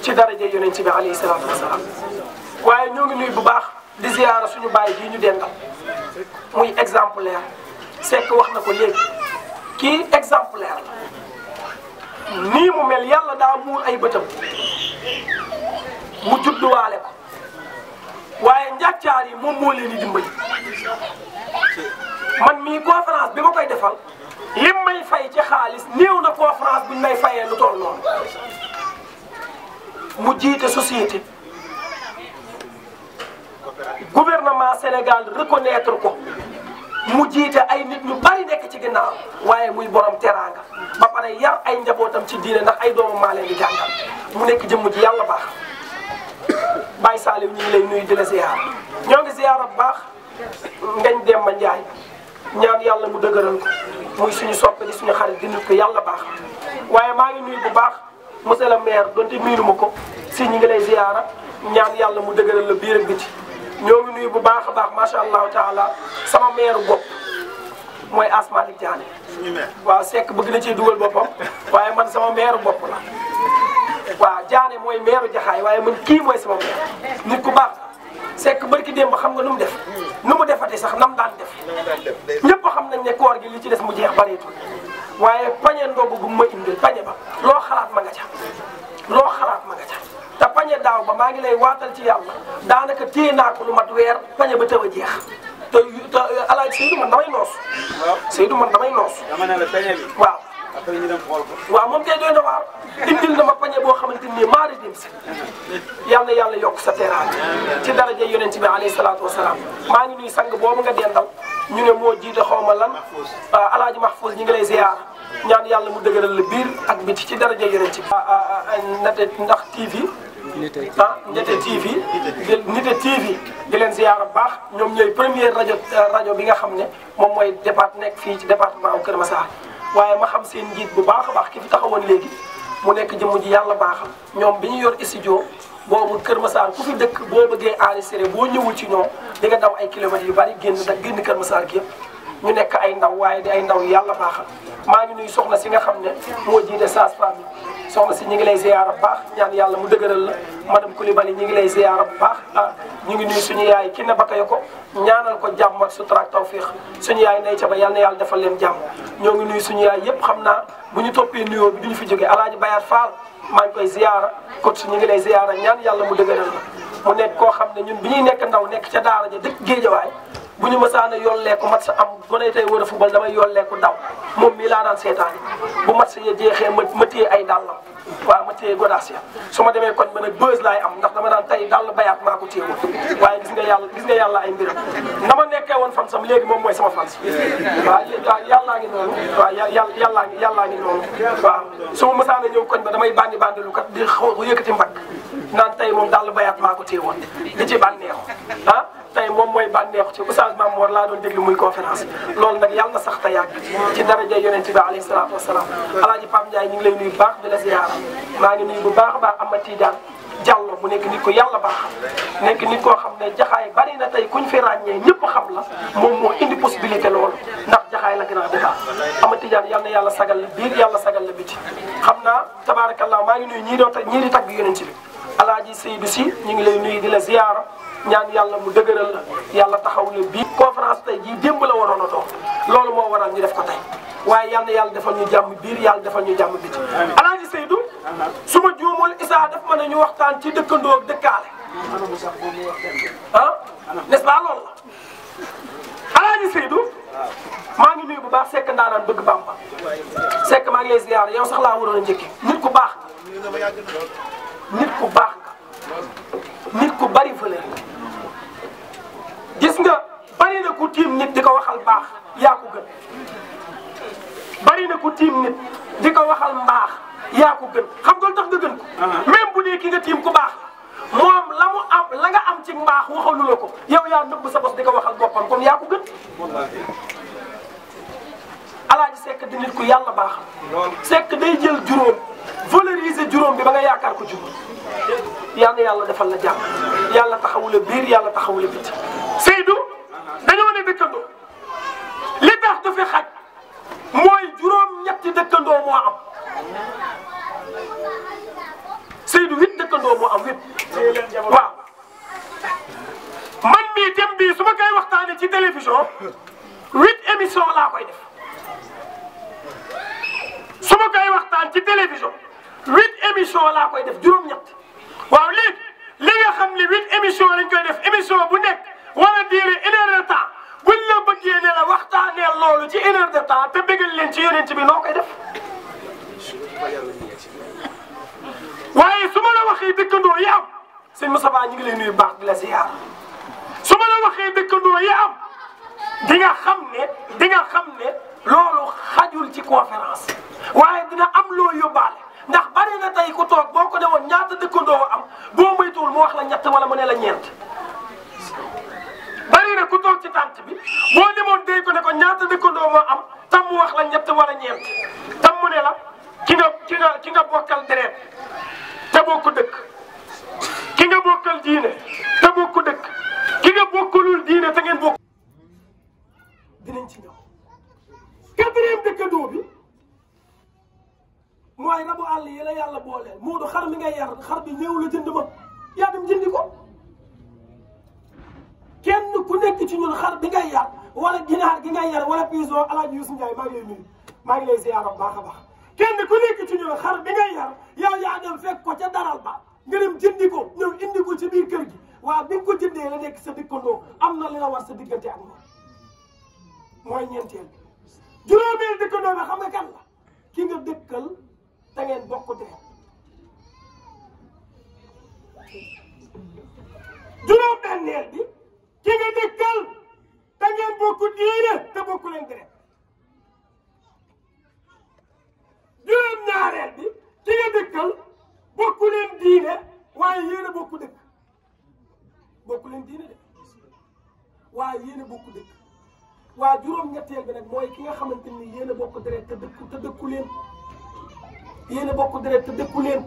ci daraja yonent bi alayhi salaatu wasalaam waaye ñoo ngi bu baax di ziyaara suñu baay bii ñu dendal muy exemplaire Seck wax na ko léegi ci exemplaire nii mu mel yàlla daa muur ay bëtam mu judduwaale ko waaye njàccaar yi moom moo leen di dimbali man mii conférence bi ma koy defal lim may fay ci xaalis néew na ko conférence buñ may fayee lu toll noonu mu jiite société gouvernement Sénégal reconnaître ko mu jiite ay nit ñu bari nekk ci ginnaaw waaye muy borom teraanga ba pare yar ay njabootam ci diine ndax ay doomu maa leen di jàngal mu nekk jëmm ji yàlla baax Baye Salim ñu ngi lay nuyu di la ñoo ngi ziar bu baax ngañ Demba Ndiaye ñaan yàlla mu dëgëral ko muy suñu soppe di suñu xarit di nit ko yàlla baax waaye maa ngi nuyu bu baax monsieur le maire donte miinu ma ko si ñu ngi lay ziar ñaan yàlla mu dëgëral la biiram ak biti ñoo ngi nuyu bu baax a baax macha allahu taala sama meeru bopp mooy Asmalik Diané waaw sekk bëgg na ciy dugal boppam waaye man sama meeru bopp la waaw Diané mooy meeru jaxaay waaye man kii mooy sama meer nit ku baax Seck barki démb xam nga nu mu def nu mu defati sax nam daan def ñëpp xam nañ ne koor gi li ci des mu jeex bareetul waaye pañe ndogu bu ma indil pañe ba loo xalaat ma nga loo xalaat ma nga te pañe daaw ba maa ngi lay waatal ci yàlla daanaka téye naa ko lu mat weer pañe ba tëb a jeex te te euh, alaaj Seydou man damay noos. waaw Seydou man damay noos. dama ne la pañe bi waaw. après ñu dem xool ko. waaw moom tey doy na waar indil na ma pañe boo xamante ni maari dim si yal na yàlla yokk sa teraanga ci daraja yonent bi alayhi salaatu wasalaam maa ngi nuy sang boobu nga dendal ñu ne moo jiite xaw ma lan alaaji euh, Mahfouz ñu ngi lay ziar. ñaan yàlla mu dëgëral la biir ak biti ci dara daraja yeneen ci. nate ndax TV. ah Ndete TV. Ndete TV di leen a baax ñoom ñooy premier rajo ah, rajo bi nga xam ne moom mooy départ nekk fii ci département Kër Massar waaye ma xam seen njiit bu baax a baax ki fi taxawoon léegi mu nekk jëmm ji yàlla baaxam ñoom bi ñu yor studio boobu Kër ma Massar ku fi dëkk boo bëggee enregistré boo ñëwul ci ñoom di nga daw ay kilomètres yu bari génn da génn Kër Massar gi yëpp. ñu nekk ay ndaw waaye di ay ndaw yàlla baaxal maa ngi nuy soxna si nga xam ne moo jiite saas femme yi soxna si ñu ngi lay ziyaara baax ñaan yàlla mu dëgëral la madame Coulibaly ñu ngi lay ziyaara baax ah ñu ngi nuyu suñu yaay ki ne bakay ko ñaanal ko jàmm ak sutura tawfiix suñu yaay nday ca ba yal yàlla defal leen jàmm ñoo ngi nuyu suñu yaay yëpp xam naa bu ñu toppee nuyoo bi duñu fi jógee alaaji Bayar Fall maa ngi koy ziyaara kon su ñu ngi lay ziyaara ñaan yàlla mu dëgëral la mu nekk koo xam ne ñun bi ñuy nekk ndaw nekk ca daara ja dëkk géejawaay bu ñu mësaan a yolleeku mat sa am bu ne tey war a football damay yolleeku daw moom mii laa daan seetaani bu mat sa ya jeexee ma ma téye ay dàllam waaw ma téye godaas ya su ma demee koñ ba nag bës laay am ndax dama daan tey dàll bayaat maa ko téyewoon waaye gis nga yàlla gis nga yàlla ay mbiram na ma nekkee woon fan sam léegi moom mooy sama fan waaw yàllaa ngi noonu waaw yàlla yàllaa ngi yàllaa ngi noonu waaw su ma mësaan a ñëw koñ ba damay bandi bandi lu kat di xaw yëkkati mbagg naan tey moom dàll bayaat maa ko téyewoon di ci bànneexu ah tey moom mooy bànneexu ci oustaz Mame Mor laa doon déglu muy conférence loolu nag yàlla na sax te yàgg ci daraja yonent bi alayhi salaatu wasalaam alaaji Pape Ndiaye ñu ngi lay nuyu bu baax di la ziyaara maa ngi nuyu bu baax a baax ama Tidiane Diallo bu nekk nit ko yàlla baax nekk nit koo xam ne jaxaay bari na tey kuñ fi ràññee ñëpp xam la moom moo indi possibilité loolu ndax jaxaay la gën a defar ama Tidiane yal na yàlla sagal la biir yàlla sagal la biti xam naa tabaarakallaa maa ngi nuyu ñii doon ñii di tagg yonent bi alaaji Seydou si ñu ngi lay nuyu di la ziyaara ñaan yàlla mu dëgëral la yàlla taxaw la bii conférence tey jii démb la waroon a doon loolu moo waral ñu def ko tey waaye yal na yàlla defal ñu jàmm biir yàlla defal ñu jàmm biti alaaji Seydou su juumul Issa daf mën a ñu waxtaan ci dëkkandoo ak dëkkaale ah n'est-ce pas loolu la alaaji Seydou maa ngi nuyu bu baax Seck ndaanaan bëgg Bamba Seck maa ngi lay ziyaara yow sax laa waroon a njëkki nit ku baax nit ku baax nga nit ku bari valeur gis nga bari na ku tiim nit di ko waxal baax yaa ko gën bari na ku tiim nit di ko waxal mbaax yaa ko gën xam nga tax nga gën ko. Ah. même bu dee ki nga tiim ku baax moom la mu am la nga am ci mbaax waxalu la ko yow yaa nëbb sa bos di ko waxal boppam kon yaa ko gën. alaaji sekk di nit ku yàlla baaxal sekk day jël juróom valoriser juróom bi ba nga yaakaar ko juróom yal na yàlla defal la jàmm yàlla taxawula biir yàlla taxawula biti Seydou dañoo ne dëkkandoo li tax du fi xaj mooy juróom ñetti dëkkandoo moo am Seydou huit dëkkandoo moo am huit waaw man mii thème bii su ma koy waxtaanee ci télévision huit émission laa koy def su ma koy waxtaan ci télévision huit émission laa koy def juróom-ñett waaw léegi li nga xam ne huit émission lañ koy def émission bu nekk war a diire une heure de temps buñ la bëggee ne la waxtaanee loolu ci une heure de temps te bëggal leen ci yeneen ci bi noo koy def waaye su ma la waxee dëkkandoo yi am sëñ Moustapha ñu ngi lay nuyu baax di la ziar su ma la waxee dëkkandoo yi am di nga xam ne di nga xam ne loolu xajul ci conférence waaye dina am loo yóbbaale ndax bari na tey ku toog boo ko demoon woon ñaata dëkkandoo am boo moytuwul mu wax la ñett wala mu ne la ñeent. bari ku toog ci tànk bi boo demoon déy ko ne ko ñaata dëkkandoo moo am tam mu wax la ñett wala ñeent tam mu ne la ki nga ki nga ki nga bokkal deret te boo ko dëkk ki nga bokkal diine te ko dëkk ki nga bokkulul diine te ngeen bokk ci quatrième dëkkandoo bi mooy rabu àll yi yàlla booleel Moodu xar mi nga yar xar bi néew la jënd ma yaa dem jëndi kenn ku nekk ci ñun xar bi ngay yar wala ginaar gi ngay yar wala pison alaaji Yusu Njaay maa ngi lay nuyu maa lay ziyaara baax a baax kenn ku nekk ci ñun xar bi ngay yar yow yaa dem fekk ko ca daral ba nga dem jëndi ko ñëw indi ko ci biir kër gi waa bi nga ko jëndee la nekk sa dikkandoo am na li la war sa diggante ak moom mooy ñeenteel juróomeel dëkkandoo ba xam nga kan la ki nga dëkkal da ngeen bokk dee juróom benneel bi ki nga dëkkal da ngeen bokk diine te bokku leen deret juróom ñaareel bi ki nga dëkkal bokku leen diine waaye yéen bokku dëkk bokku leen diine waaye yéen bokku dëkk waa juróom-ñetteel bi nag mooy ki nga xamante ni yéen a bokk deret te dëkku te dëkku leen yéen a bokk deret te dëkku leen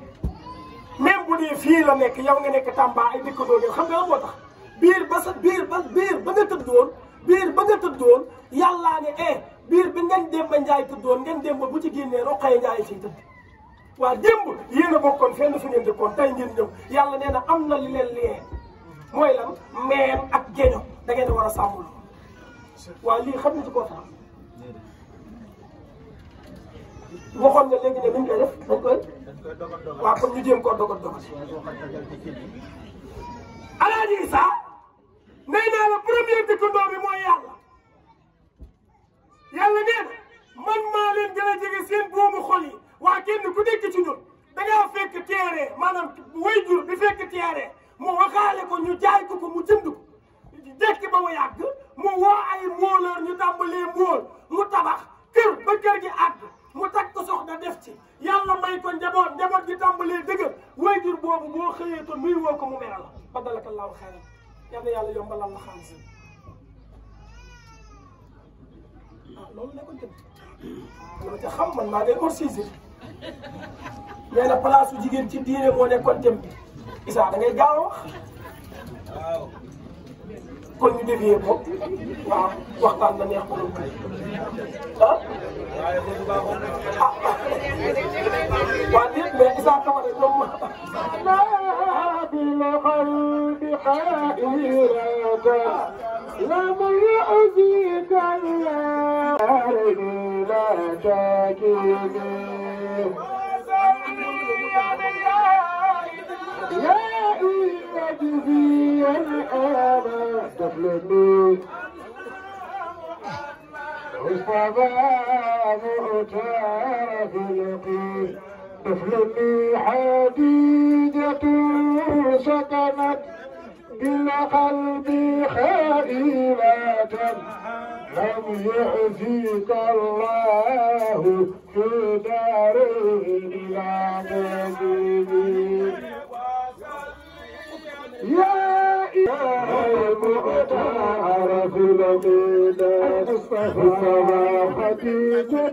même bu dee fii a nekk yow nga nekk Tamba ay dëkkandoo ngeen xam nga tax biir ba sa biir ba biir ba nga tëddoon biir ba nga tëddoon yàllaa ne eh biir bi ngeen Demba Njaay tëddoon ngeen Demba bu ci génnee Roqaya Njaay fii tëdd waa démb yéen a bokkoon fenn fu ngeen dëkkoon tey ngeen ñëw yàlla nee na am na li leen liyee mooy la meen ak géño da ngeen war a sàmmul waaw lii xam nga ci koo nga léegi ne nuñ koy def dañ koy waaw kon ñu jéem koo dogal dogal alaaji Isa naa la premier dëkkandoo bi mooy yàlla yàlla nee na man maa leen gën a jege seen boobu xol yi waa kenn ku nekk ci ñun dangaa fekk teere maanaam way jur bi fekk teere mu waxaale ko ñu jaay ko ko mu jënd ko jekki ba mu yàgg mu woo ay móolóor ñu tàmbalee móol mu tabax kër ba kër gi àgg mu takk soxna def ci yàlla may ko njaboot njaboot gi tàmbalee dëgër wayjur boobu boo xëyee ko nuyu woo ko mu mere la badalaka laaw xayran yal na yàlla yombalal la xaalis yi ah loolu la ko jëm ca xam man maa ngi orsiisi nee na place jigéen ci diine moo nekkoon jëm bi Issa da gaaw wax kon ñu dévier ko waaw waxtaan na neex ko loolu ah. waaw déet mais Issa Taware ñoom. لا بالقلب حائرة لم يحزيك الأرض لا تكيني يا إله هذه والآن استقلمي مصطفى مؤتار خلقي تفلمي حديدة سكنت بالقلب خائلة لم يعفيك الله في دار لا تدري يا إله مختار في المدينة مصطفى خديجة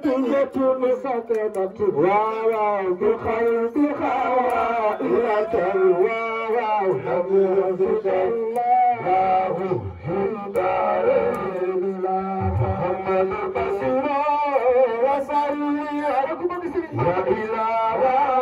سكنت واو بخلق خوائرة واو حمد الله حمد الله محمد بصيرا وصلي يا إله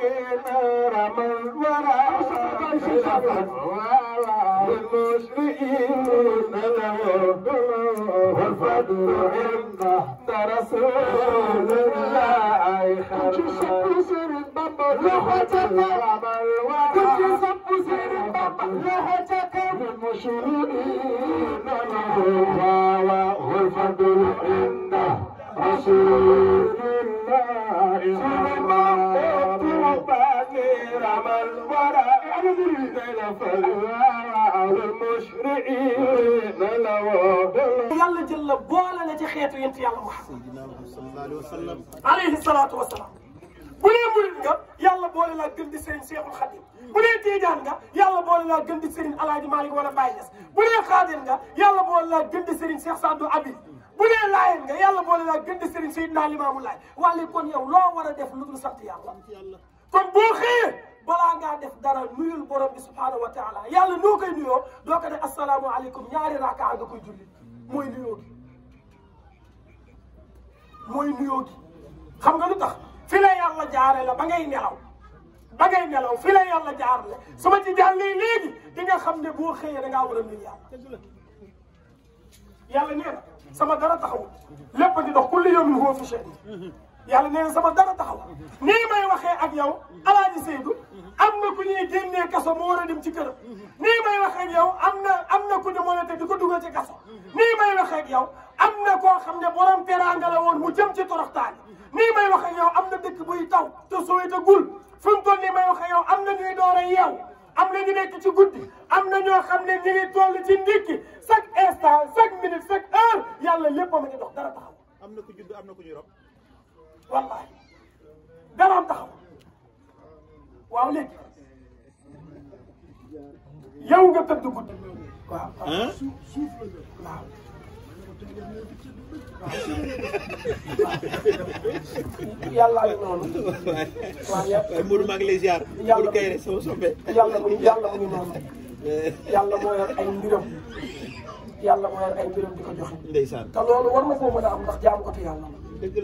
للمسلمين والفضل عند رسول الله خير لوحتك كنت صب سير البابا لوحتك للمشهورين له والفضل عنده رسول الله سليمان رباني رمى الورى بين فالورى والمشرعين لو يلا جل بولا لجي خيتو ينت يلا محمد صلى الله عليه وسلم عليه الصلاة والسلام bu dee murit nga yàlla boole laa gën di sëriñ Seexul Xadim bu dee Tiijaan nga yàlla boole laa gën di sëriñ Alaaji Maalik wala Baay Ñas bu dee Xaadir nga yàlla boole laa gën di sëriñ Seex Saadu Abi bu dee laayeen nga yàlla boole laa gën di sëriñ Seydina Limaamu Laay wala kon yow loo war a def lu dul sant yàlla kon boo xëyee balaa ngaa def dara nuyul borom bi subhaanahu wa taala yàlla noo koy nuyoo doo ko ne asalaamu aleykum ñaari raakaa nga koy julli mooy nuyoo gi mooy nuyoo gi xam nga lu tax fi la yàlla jaare la ba ngay nelaw ba ngay nelaw fi la yàlla jaar la su ma ci jàllee léegi di nga xam ne boo xëyee da ngaa war a nuyu yàlla yàlla nee na sama dara taxaw lépp di dox kul yawmin huwa fi sha'ni yàlla neena sama dara taxaw ni may waxe ak yow alaaji Seydou amna ku ñuy génnee kasso mo wara dem ci kër ni may waxe ak yow amna amna ku ñu ku te diko duggal ci kasso ni may waxe ak yow amna ko xamne borom teranga la woon mu jëm ci toroxtaani ni may waxe ak yow amna na dëkk buy taw te sooy te gul fu mu ni may waxe ak yow amna ñuy doore a am na ñu nekk ci guddi am na ñoo xam ne ñu ngi toll ci ndékki chaque instant chaque minute chaque heure yàlla dox dara taxaw. am na ku judd am na ku ñu rob. wallaahi dara am taxaw waaw léegi yow nga tëdd guddi. waaw waaw suuf suuf yàlla ak noonu. waaw yàlla Mourou maa ngi lay ziar. yàlla kay rek sama soppe. yàlla bu yàlla bu eh. yàlla moo ay mbiram. yàlla moo di ko joxe. ndeysaan te loolu war na koo mën a am ndax jaamu ko ci yàlla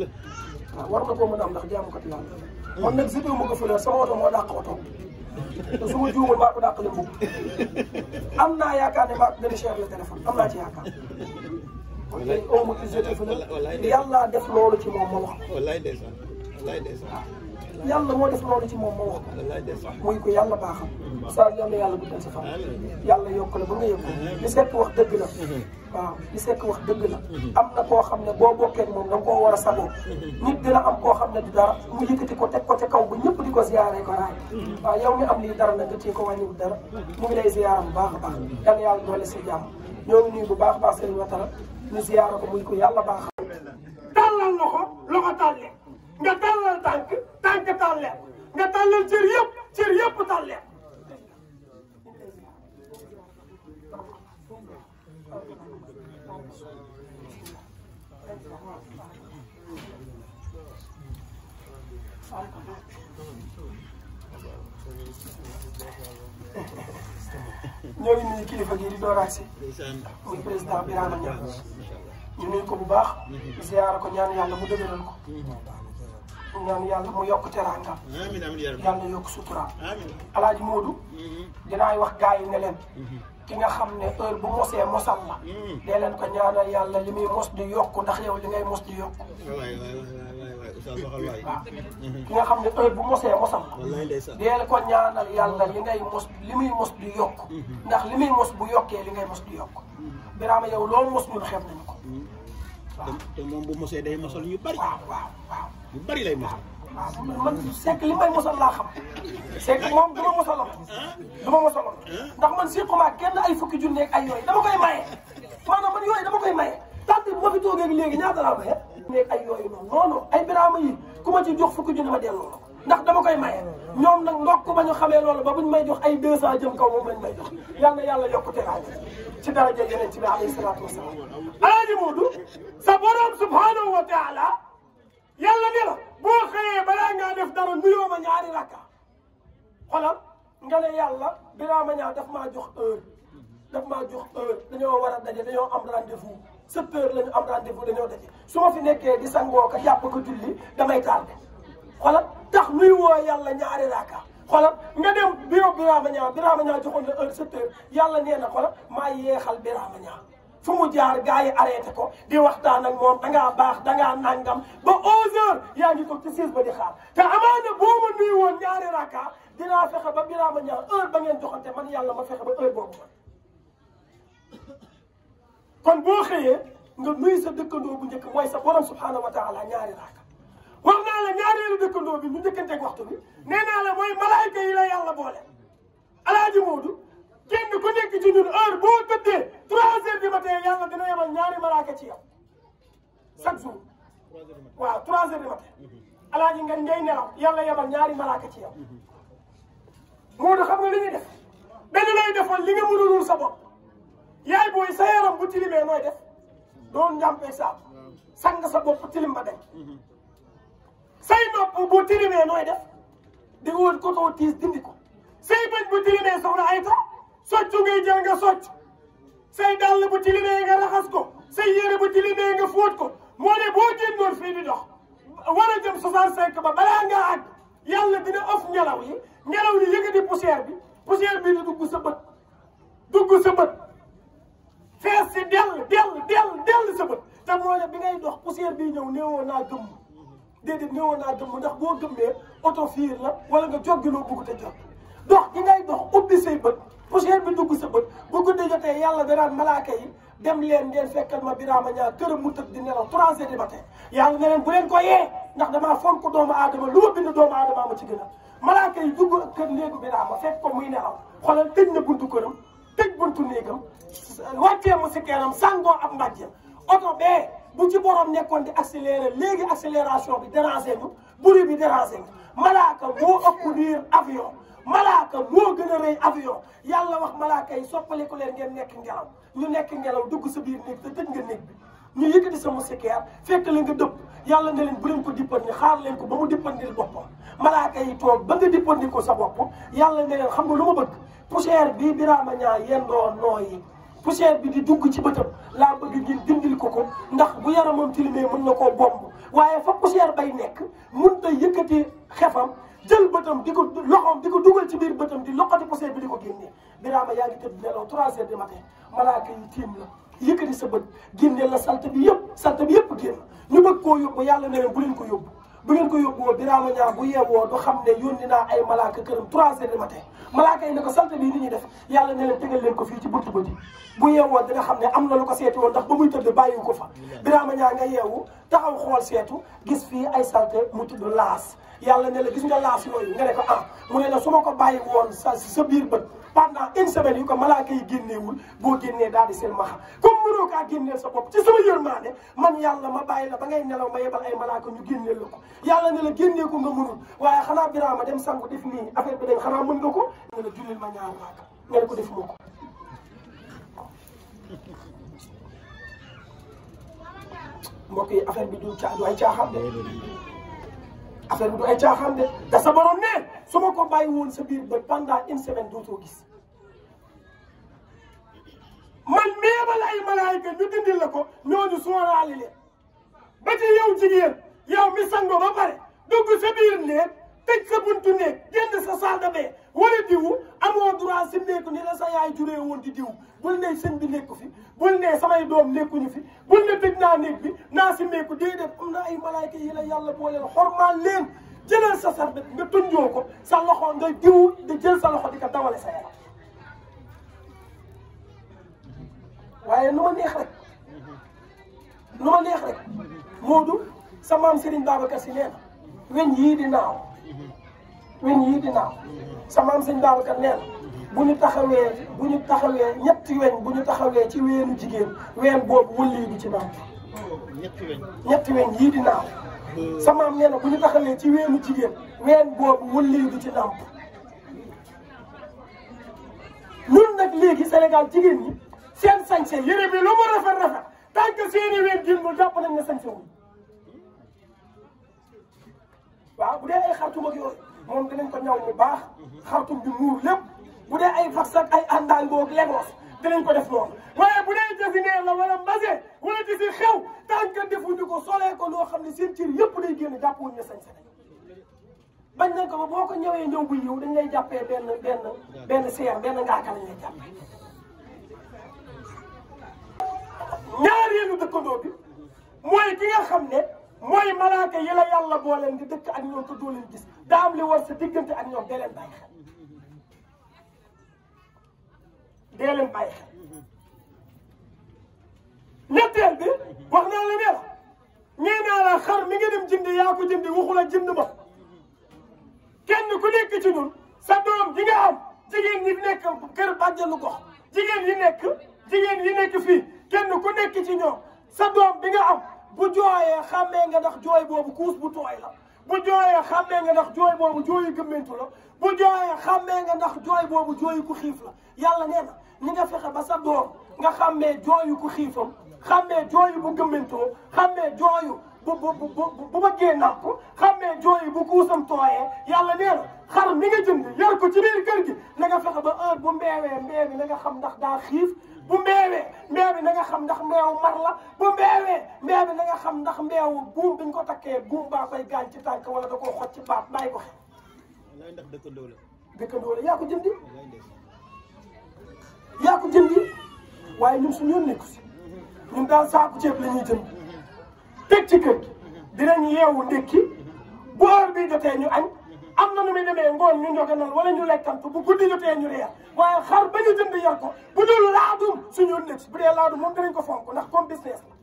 la. war na koo mën a am ndax jaamu ko ci yàlla la. man moo dàq oto. te su ma maa ko dàqale mbokk. am naa yaakaar ne maa ko gën a cher am naa ci yaakaar. wallaay oom ak i yàlla def loolu ci moom ma wax. wallaay ndeysaan wallaay ndeysaan yàlla moo def loolu ci moom ma wax. wallaay ndeysaan muy ko yàlla baaxam. saa yàlla yàlla guddal sa fan. yàlla yokk la ba nga yëg li wax dëgg la. waaw li sekk wax dëgg la. am na koo xam ne boo bokkee moom da nga koo war a sagoo. nit am koo xam ne du dara mu yëkkati ko teg ko ca kaw ba ñëpp di ko ziyaare ko raay. waaw mi am lii dara na nga téye ko wàññiwul dara mu lay ziyaara bu baax a baax. yàlla yàlla doole sa jàmm. ñoo ngi nuyu bu baax baax seen watara ñu siyaara ko muy ko yàlla baax tàllal loxo loxo tàllee nga tàllal tànk tànk tàllee nga tàllal cër yëpp cër yëpp tàllee Thank you. ñoo ngi kilifa gii di dooraat si muy président Birame Niang ñu nuyu ko bu baax ziyaara ko ñaan yàlla mu dëgëral ko ñaan yàlla mu yokk teraanga yàlla yokk sutura alaaji Moodu mm-hmm. dinaay wax gars yi ne leen mm-hmm. ki nga xam ne heure bu mosee mosal la mm-hmm. dee leen ko ñaanal yàlla li muy mos di yokk ndax yow li ngay mos di yokk Ah. ki nga xam ne heure bu mosee mosam deel ko mhm. bu yokkee li ngay mos du yokk mhm. biraama yow loo mos ñun xeeb nañu ko mhm. waaw te moom bu mosee day mosal ñu bari waaw waaw waaw ñu bari lay mosal waaw man Seck li may mosal laa xam Seck moom du ma mosaloon ah? du ma mosaloon ah? ndax man siqumaa kenn ay fukki junneeg ay yooyu dama koy maye maanaam man yooyu dama koy maye tant que bu ma fi toogee léegi ñaata laa maye néeg ay yooyu noonu non non ay biraama yi ku ma ci jox fukki junni ma delloo la ndax dama koy maye ñoom nag ndokk ba ñu xamee loolu ba buñ may jox ay 200 jëm kaw moom lañ may jox yal na yàlla yokk teraanga ci daraja yonent bi alayhi salaatu wa salaam alaaji Moodu sa borom subhanahu wa taala yàlla ni la boo xëyee balaa ngaa def dara nuyoo ma ñaari rakka xoolal nga ne yàlla biraama ñaar daf maa jox heure daf maa jox heure dañoo war a daje dañoo am rendez-vous sept heures la ñu am rendez-vous dañoo daje su ma fi nekkee di sangoo ko yàpp ko julli damay tardé xoolal tax nuy woo yàlla ñaari raaka xoolal nga dem bureau Birama Niang Birama Niang joxoon na heure sept heures yàlla nee na xoolal maa yeexal Birama Niang fu mu jaar gars yi arrêté ko di waxtaan ak moom dangaa baax dangaa nangam ba onze heures yaa ngi toog ci siis ba di xaar te amaana boo ma nuy woon ñaari raaka dinaa fexe ba Birama Niang heure ba ngeen joxante man yàlla ma fexe ba heure boobu man kon boo xëyee nga nuyu sa dëkkandoo bu njëkk mooy sa borom subhanahu wa taala ñaari raaka wax naa la ñaareelu dëkkandoo bi mu njëkkanteeg waxtu bi nee naa la mooy malaayka yi la yàlla boole alaaji moodu kenn ku nekk ci ñun heure boo tëddee trois heures du matin yàlla dina yemal ñaari malaaka ci yow chaque jour waaw trois heures du matin alaaji nga ngay nelaw yàlla yemal ñaari malaaka ci yow moodu xam nga li ñuy def dañu lay defoon li nga mënulul sa bopp yaay booy sa yaram bu tilimee nooy def doon njàmpee saabu sang sa bopp tilim ba dañ say nopp bu tilimee nooy def di nga wut kotoo tiis dindi ko say bëj bu tilimee soxna Ayta soccu ngay jël nga socc say dàll bu tilimee nga raxas ko say yére bu tilimee nga fóot ko moo ne boo génnoon fii di dox war a jëm 65 ba balaa nga àgg yàlla dina ëf ngelaw yi ngelaw yi yëkkati poussière bi poussière bi di dugg sa bët dugg fees si dell dell dell dell sa bët te moo ne bi ngay dox poussière bii ñëw néewoo naa gëmm déedéet néewoo naa gëmm ndax boo gëmmee oto fiir la wala nga joggi loo bugg te jot dox gi ngay dox ubbi say bët poussière bi dugg sa bët boo ko jotee yàlla danaan malaaka yi dem leen ngeen fekkal ma biraama ñaar këram mu tëdd di nelaw trois heures du matin yàlla ne leen bu leen ko yee ndax damaa fonk doomu aadama lu ma bind doomu aadama ma ci gën a malaaka yi dugg kër néegu biraama fekk ko muy nelaw xoolal tëj na buntu këram tëj buntu néegam wàccee mu si keeram ak ab mbàjjam oto bee bu ci boroom nekkoon di accéléré léegi accélération bi dérangé ñu bruit bi dérangé ñu malaaka moo ëpp niir avion malaaka moo gën a rëy avion yàlla wax malaaka yi soppaliku leen ngeen nekk ngelaw ñu nekk ngelaw dugg sa biir néeg te tëj nga néeg bi ñu yëkkati sa musikeer fekk la nga dëpp yàlla nga leen bu leen ko dippandi xaar leen ko ba mu dippandil boppam malaaka yi toog ba nga dippandi ko sa bopp yàlla nga xam nga lu ma poussière bii Birama ñaa yendoo nooyi poussière bi di dugg ci bëtam laa bëgg ngeen dindil ko ko ndax bu yaramam tilimee mën na koo bomb waaye fa poussière bay nekk mun ta yëkkati xefam jël bëtam di ko loxoom di ko dugal ci biir bëtam di loxati poussière bi di ko génne Birama yaa ngi tëdd nelaw trois heures du matin malaaka yi tiim la yëkkati sa bët génne la salte bi yëpp salte bi yëpp génn ñu bëgg koo yóbbu yàlla ne leen bu leen ko yóbbu bu ngeen ko yóbbuwoo Birama Niang bu yeewoo du xam ne yónni naa ay malaaka kër trois heures du matin malaaka yi ne ko salte bii ni ñuy def yàlla ne leen tegal leen ko fii ci buntu bëti bu yeewoo dina xam ne am na lu ko seeti woon ndax ba muy tëdd bàyyiwu ko fa Birama Niang nga yeewu taxaw xool seetu gis fii ay salte mu tudd laas yàlla ne la gis nga laas yooyu nga ne ko ah mu ne na su ma ko bàyyi woon sa sa biir bët pendant une semaine yu ko malaaka yi boo génnee daal di seen maxa comme mënoo kaa génneel sa bopp ci sama yërmaande man yàlla ma bàyyi la ba ngay nelaw ma yebal ay malaaka ñu génneel la ko yàlla ne la génnee nga mënul waaye xanaa biraama dem sangu def nii affaire bi dañ xanaa mën nga ko ne la jullil ma ñaar raaka ko def moo ko mbokk yi affaire bi du caa du ay caaxaan affaire bi du ay caaxaan de te sa borom su ma ko bàyyi woon sa biir ba pendant une semaine dootoo gis man meebal ay malaayka ñu dindil la ko ñooñu sóoraale leen ba ci yow jigéen yow mi sango ba pare dugg sa biir néeg tëj sa buntu néeg génn sa salle de bain wala diwu amoo droit simmeeku ni la sa yaay juree woon di diw bul ne sëñ nekku fi bul ne samay doom nekkuñu fi bul ne tëj naa néeg bi naa si meeku déedéet am na ay malaayka yi la yàlla booleel xormaal leen jëlal sa sarbet nga tunjoo ko sa loxo nga diw di jël sa loxo di ko dawale sa yaram waaye nu ma neex rek nu ma neex rek Moodu sa maam Serigne Babacar si nee weñ yii di naaw weñ yii di naaw sa maam Serigne Babacar nee na bu ñu taxawee bu ñu taxawee ñetti weñ bu ñu taxawee ci weenu jigéen ween boobu wëlli di ci naaw ñetti weñ yii di naaw sama maam nee na bu ñu taxawee ci weenu jigéen ween boobu wëlli di ci naaw ñun nag léegi Sénégal jigéen ñi seen sañse yére bi lu mu rafet rafet tant que seeni ween dimbul jàpp nañ ne sañse wuñ waaw bu dee ay xartum ak yooyu moom dinañ ko ñaw bu baax mhm. xartum bi muur lépp bu dee ay fas ak ay àndaangoog Lagos dinañ ko def noonu waaye bu dee jasineer la wala mbase wala di si xew tànk defuñu ko solee ko loo xam ne seen cër yëpp day génn jàppuñ ne sañ sañ bañ nañ ko ba boo ko ñëwee ñëw bu yiw dañ lay jàppee benn benn benn seer benn ngaaka lañ lay jàppee ñaareelu dëkkandoo bi mooy ki nga xam ne mooy malaaka yi la yàlla boo leen di dëkk ak ñoom te doo leen gis daa am li war sa diggante ak ñoom da leen bàyyi xel dee leen bàyyi xel ñetteel bi wax naa la neex ñee naa la xar mi nga dem jëndi yaa ko jëndi waxula jënd ma kenn ku nekk ci ñun sa doom ji nga am jigéen ñi nekk kër bàjjenu ko jigéen yi nekk jigéen yi nekk fi kenn ku nekk ci ñoom sa doom bi nga am bu jooyee xàmmee nga ndax jooy boobu kuus bu tooy la bu jooyee xàmmee nga ndax jooy boobu jooyu gëmmentu la bu jooyee xàmmee nga ndax jooy boobu jooyu ku xiif la yàlla nee na ni nga fexe ba sa doom nga xàmmee jooyu ku xiifam xàmmee jooyu bu gëmmantoo xàmmee jooyu bu bu bu bu bëggee nàpp xàmmee jooyu bu kuusam tooyee yàlla nee xar mi nga jënd yar ko ci biir kër gi nga fexe ba heure bu mbeewee mbee nga xam ndax daa xiif bu mbeewee mbeew bi na xam ndax mbeewu mar la bu mbeewee mbeew bi na xam ndax mbeewu buum biñ ko takkee buum baa koy gaañ ci tànk wala da koo xoj ci baat bàyyi ko xel ndax dëkkandoo la dëkkandoo la yaa ko jëndi ko jëndi waaye ñun suñu yoon nekku si ñun daal saaku ceeb la ñuy jënd mm-hmm. teg ci kër dinañ yeewu ndékki mm-hmm. bu bii jotee ñu añ am na nu muy demee ngoon ñu njoganal wala ñu lekkantu bu guddi jotee ñu reer waaye xar ba ñu jënd yar ko bu dul laadum suñu nekk bu dee laadum moom ko fonk ndax comme business war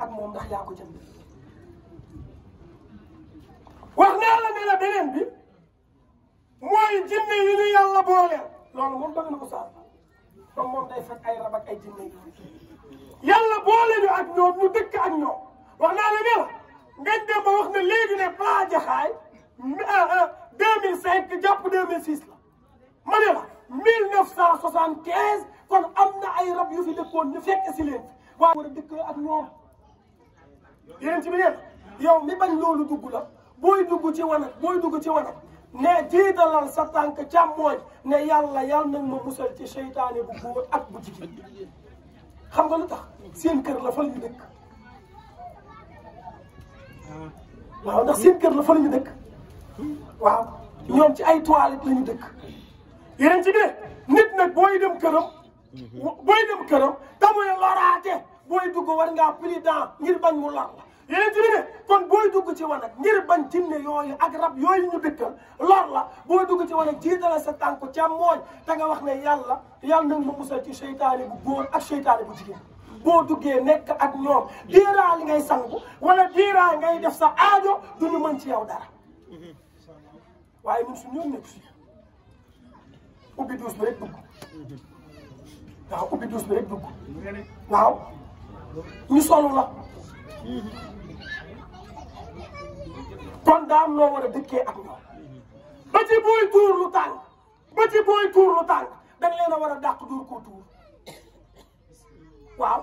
ak moom ko jënd wax naa la ne beneen bi mooy jinne yi ñu yàlla booleel loolu moom danga na ko saal moom day fekk ay rab ak ay jinne yi yàlla boole ñu ak ñoom ñu dëkk ak ñoom وحنا على ميوة قدم وحنا ليجنة فاجة خاي دامين سايب كجاب دامين سيسلا مليوة 1975 كون أمنا أي رب يوفي دكون نفك سيلين وعمر دكو أدنوم يرين تبين يوم ميبان لولو دوغولا بوي دوغو تي وانا بوي دوغو تي وانا ne jidal lan satan ke chamoy ne yalla yal nak ma mussal ci shaytané bu goor ak bu jigen xam nga lutax seen keur la fal ñu dekk هذا سيد كرل فلني دك واو يوم تي أي توالت لني دك يرن تيجي نت نت بويدم كرم بويدم كرم تامو يلارا أتي بويدو كوارن يا بلي دان نيربان مولار يرن تيجي كون بويدو كتشي وانك نيربان تيمن يوي أقرب يوي نو دك لار لا بويدو كتشي وانك جيدا لا ستان كتشي موي تانا وقنا يالا يالا نعم مسلتي شيطاني بقول أك شيطاني بتجي bo duggé nek ak ñoom dira li ngay sangu wala dira ngay def sa aajo duñu mën ci yow dara waye ñun suñu yoon nek si ubbi duus bi rek dugg waaw ubbi duus bi rek dugg waaw ñu solo la kon daam no wara a ak ñoom ba ci boy tour lu tang ba ci boy tour lu tang dañ leena wara war dur ko duur waaw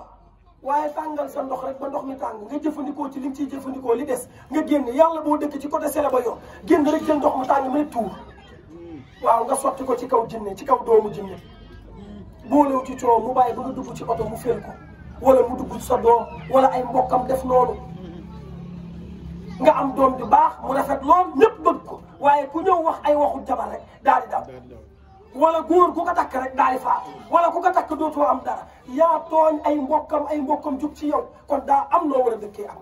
waaye tàngal sa ndox rek ba ndox mi tàng nga jëfandikoo ci liñ ciy jëfandikoo li des nga génn yàlla boo dëkk ci côté Sélé ba yoon génn rek jël ndox mu tàng mu ne tuur waaw nga sotti ko ci kaw jinne ci kaw doomu jinne boolew ci coow mu bàyyi ba nga dugg ci oto mu féel ko wala mu dugg sa doom wala ay mbokkam def noonu nga am doom bi baax mu rafet lool ñëpp bëgg ko waaye ku ñëw wax ay waxu jabar rek daal di daw wala góor ku ko takk rek daal di faatu wala ku ko takk dootoo am dara yaa tooñ ay mbokkam ay mbokkam jub ci yow kon daa am noo war a dëkkee ak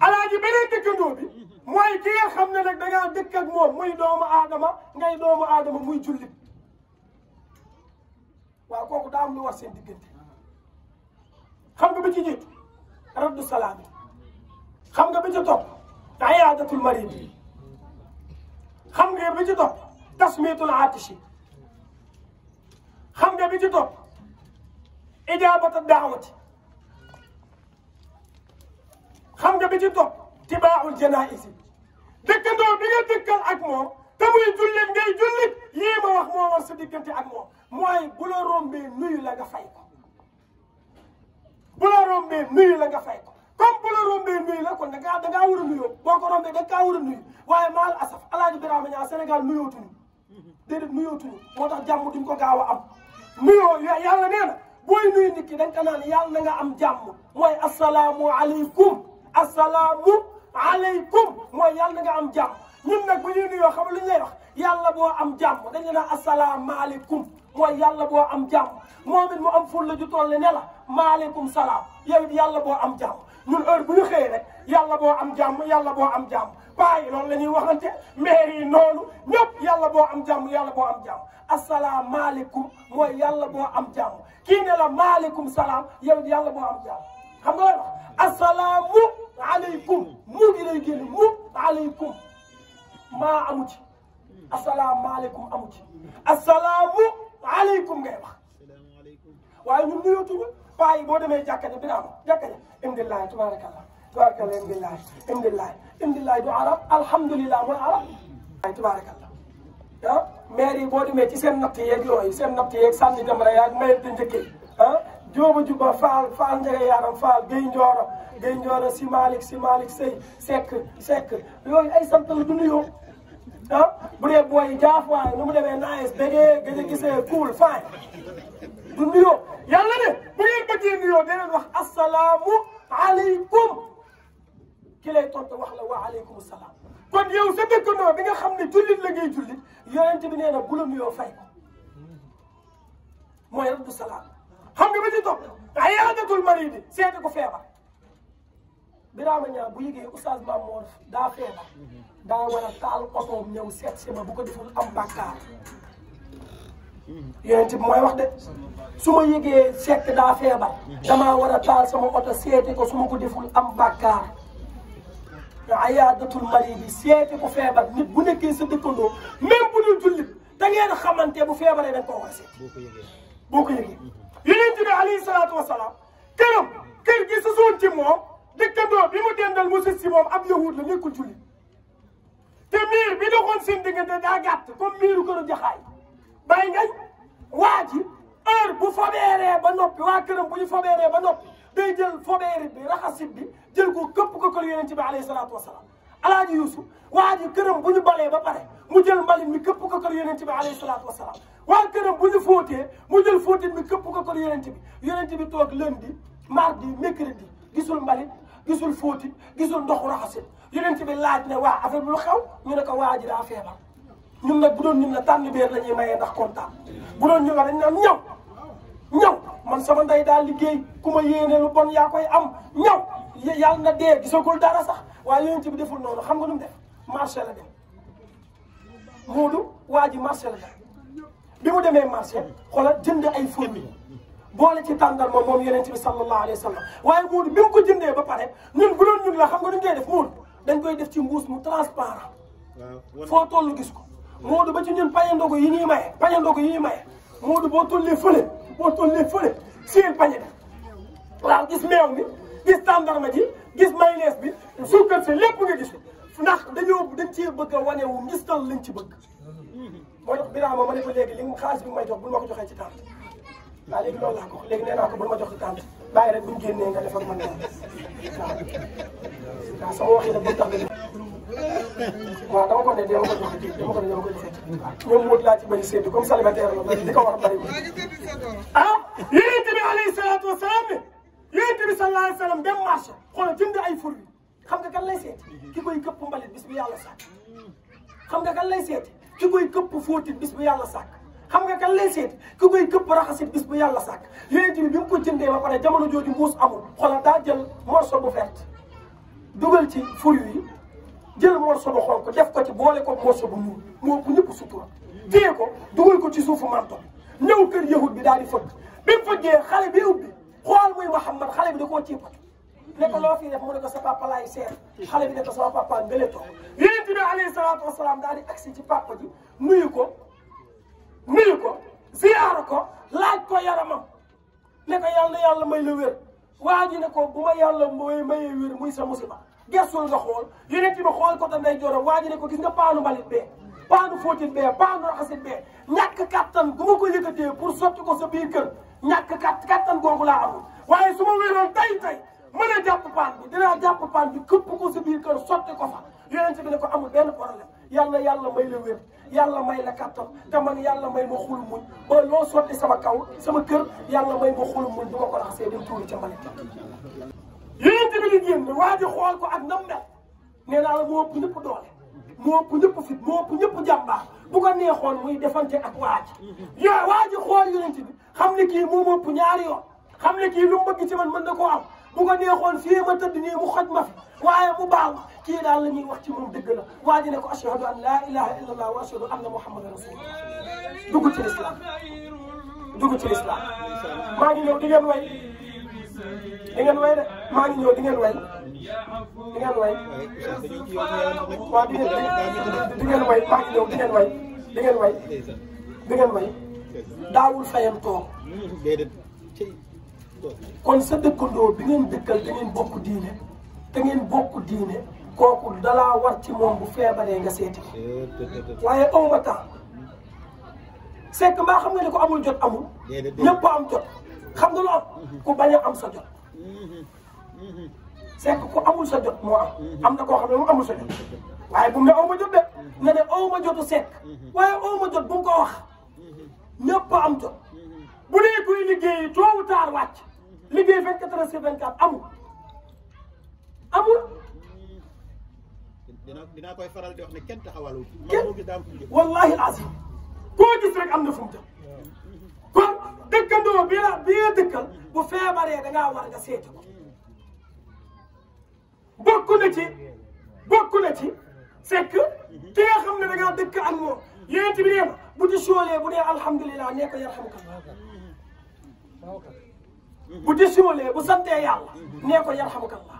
alaaji beneen dëkkandoo mooy ki nga ne nag da ngaa moom muy doomu aadama ngay doomu aadama muy jullit waaw kooku daa am lu war seen diggante xam nga bi ci jiitu raddu salaam xam nga bi ci topp ayaadatul xam nga bi ci topp tasmiyatul aatishi xam nga bi ci topp ijaabata daawati xam nga bi ci topp tibaaul janaisi dëkkandoo bi nga dëkkal ak moom te muy jullit ngay jullit yii ma wax moo war sa diggante ak moom mooy bu la rombee nuyu la nga fay ko bu la rombee nuyu la nga fay ko comme bu la rombee nuyu la kon da ngaa da a nuyoo boo ko rombee da ngaa a nuyu waaye maal asaf alaaji Birame Niang Sénégal nuyootuñu déedéet nuyootuñu moo tax jàmm duñ ko gaaw a am nuyoo yàlla nee na booy nuyu nit ki da nga naan yàlla na am jàmm mooy asalaamu aleykum asalaamu aleykum mooy yàlla na nga am jàmm ñun nag bu ñuy nuyoo xam lu ñuy wax yàlla boo am jàmm dañu naan asalaamaaleykum moy yàlla bo am jàmm momit mu am fulu ju tolle ne la malikum salam yow yàlla bo am jàmm ñun heure bu ñu xey rek yàlla bo am jàmm yàlla bo am jàmm bàyyi lool lañuy waxante maire yi noonu ñëpp yàlla bo am jàmm yàlla bo am jàmm asalaamaaleykum moy yàlla bo am jàmm ki ne la malikum salam yow yàlla bo am jàmm xam nga wax asalaamu aleykum mu ngi lay génn mu alaykum ma amuti ci asalaamaaleykum amu ci asalaamu عليكم جايبا السلام عليكم وعلي نيوتو باي بو دمي جاكاني برام جاكاني ان الله تبارك الله تبارك الله ان الله ان الله ان الله دو عرب الحمد لله مو عرب تبارك الله يا ميري بو دمي تي سن نوتي ياك لوي سن نوتي ياك سان دي دمرا ياك ميل دي نجي ها جوبو جوبا فال فال نجي يارم فال دي نجورا دي نجورا سي مالك سي مالك سي سيك سيك يوي اي سانتو دو نيوتو buraya boy jaaf waaye lu mu demee nice bégee gëj a gisee cool fine du nuyoo yàlla ne bu ngeen bëggee nuyoo dinañ wax asalaamu aleykum ki lay tontu wax la wa aleykum salaam kon yow sa dëkkandoo bi nga xam ne jullit la ngay jullit yonent bi nee na bu la nuyoo fay ko mooy rabbu salaam xam nga ba ci topp ayaadatul maridi seeti ko feebar biraama ñaa bu yëgee oustaz Mamour daa feebar daa war a taal otoom ñëw seet si ma bu ko deful am bàkkaar yonent bi mooy wax de su ma yëgee sekk daa feebar damaa war a taal sama oto seeti ko su ma ko deful am bàkkaar ayaadatul mari bi seeti ko feebar nit bu nekkee sa dëkkandoo même bu dul jullit da ngeen xamante bu feebaree dañ koo war a seeti boo ko yëgee yonent bi alayhi salaatu wasalaam këram kër gi sa soon ci moom dëkkandoo bi mu dendal mu sës si moom ab yahud la nekkul jullit تمير بيدو خون سين دينغت دا جات كوم ميرو كرو جخاي باي ناي واجي اور بو فوبيري با نوبي وا كرم بو فوبيري با نوبي داي جيل فوبيري بي رخاسيب بي جيل كو كوب كو كول يونس تبي عليه الصلاه والسلام الاج يوسف واجي كرم بو بالي با باري مو جيل مالي مي كوب كو كول يونس تبي عليه الصلاه والسلام وا كرم بو فوتي مو جيل فوتي مي كوب كو كول يونس تبي يونس تبي توك لندي ماردي ميكردي غيسول مالي غيسول فوتي غيسول ندوخ رخاسيب yonent bi laaj ne waa affaire bi lu xew ñu ne ko waa ji daa feebar ñun nag bu doon ñun la tànn beer la ñuy mayee ndax kontaan bu doon ñu la dañ naan ñaw ñaw man sama ndey daal liggéey ku ma yéene lu bon yaa koy am ñaw yàlla na dee gisagul dara sax waaye yonent bi deful noonu xam nga nu mu def marché la dem Moodu waa ji marché la dem bi mu demee marché xoolal jënd ay fourmi boole ci tàndal moom moom yonent bi sallallahu alayhi wa sallam waaye mu ko jëndee ba pare ñun bu doon xam nga nu ñu koy dañ koy def ci mbuus mu transparent foo toll gis ko Moodu ba ci ñun pañe ndogo yi ñuy maye pañe ndogo yi ñuy maye Moodu boo tollee fële boo tollee fële seen pañe bi waaw gis meew mi gis tàndarma ji gis mayonnaise bi suukar si lépp nga gis ndax dañoo dañ cee bëgg a wane wu ngistal lañ ci bëgg moo tax Birama ma ne ko li mu xaalis bi may jox bu ma ko joxee ci tànn waaw léegi loolu laa ko ma jox ci tànt bàyyi rek bu ñu génnee nga def ak man waaw waaw sama wax yi nag nga waaw dama ko ne dama ko joxe kii dama ko ne dama ko joxe kii ñoom wut ko war a bëri ah yonent bi alayhi salaatu wa salaam yonent bi sallallahu dem marché xoolal jënd ay fur xam nga kan lay seeti ki koy këpp mbalit bis bu yàlla sàkk xam nga kan lay seeti ki koy këpp fóotit bis bu yàlla sàkk xam nga kan lay seet ku koy këpp raxasit bis bu yàlla sàkk yonent bi bi mu ko jëndee ba pare jamono jooju mbuus amul xoolal daa jël morceau bu fet dugal ci fur yi jël morceau bu ko jef ko ci boole ko morceau bu ñuul moo ko ñëpp sutura téye ko dugal ko ci suuf manto ñëw kër yahud bi daal di fëgg bi mu fëggee xale bi ubbi xool muy Muhammad xale bi da koo tiibu ne ko loo fi def mu ne papa laay seet xale bi ne ko sama papa ngële toog daal di agsi ci papa ji nuyu ko nuyu ko ziyaara ko laaj ko yaramam ne ko yàlla yàlla may la wér waa ne ko bu ma yàlla mooy mayee wér muy sa musiba gestul nga xool yeneen ci xool ko te ndey jooram ne ko gis nga paanu mbalit bee paanu fóotit bee paanu raxasit bee ñàkk kattan bu ma ko yëkkatee pour sotti ko sa biir kër ñàkk katt kattan googu laa amul waaye su ma wéroon tay tay mën a jàpp paan bi dinaa jàpp paan bi këpp ko sa biir kër sotti ko fa yeneen bi ne ko amul benn problème yàlla yàlla may la wér yàlla may la kàttan te yàlla may ma xulu muñ ba loo sotti sama kaw sama kër yàlla may ma xulu muñ du ma ko raxasee dem tuuri ca mbalit yéen tamit ñu génn xool ko ak nam mel nee naa la moo ëpp ko doole moo ñëpp fit moo bu ko neexoon muy defante ak waa ji yow waa ji xool yonent bi xam ne kii moo ëpp ñaari yoon xam ne kii lu mu bëgg ci man mën na ko am bu ko neexoon fii ma tëdd nii mu xoj ma fi waaye mu baaw kii daal la ñuy wax ci moom dëgg la waa ji ne ko ashhadu an laa ilaha illa allah wa ashhadu anna muhammadan rasulullah dugg ci lislaam dugg ci lislaam maa ngi ñëw di ngeen way di ngeen way de maa ngi ñëw di ngeen way di ngeen way waaw di ngeen di ngeen way maa ngi ñëw di ngeen way di ngeen way di ngeen way daawul fayam toog kon sa dëkkandoo bi ngeen dëkkal da ngeen bokk diine da ngeen bokk diine kooku dalaa war ci moom bu feebaree nga seeti waaye awma temps c'est mbaa xam nga ne ko amul jot amul ñëpp am jot xam nga lu am mhm. ku bañ a am sa jot c'est mhm. mhm. amul sa jot moo am na koo xam ne mu amul sa jot waaye bu mu ne jot de nga ne awma jotu sekk waaye awma jot bu nga ko wax ñëpp am jot bu dee kuy liggéeyi toowu taar wàcc liggéey 24 heures sur 24 amul amul. dina dinaa koy faral di wax ne kenn taxawalul. kenn wallaahi azim koo gis rek am na fu mu jëm kon dëkkandoo bi la bi la dëkkal bu feebaree da ngaa war nga seeti ko bokk na ci bokk na ci c'est que ki nga xam ne da ngaa dëkk ak moom yéen bi nee na bu ci soolee bu dee alhamdulilah nee ko yarhamkallah bu décimalee bu santee yàlla nee ko yarhamukallah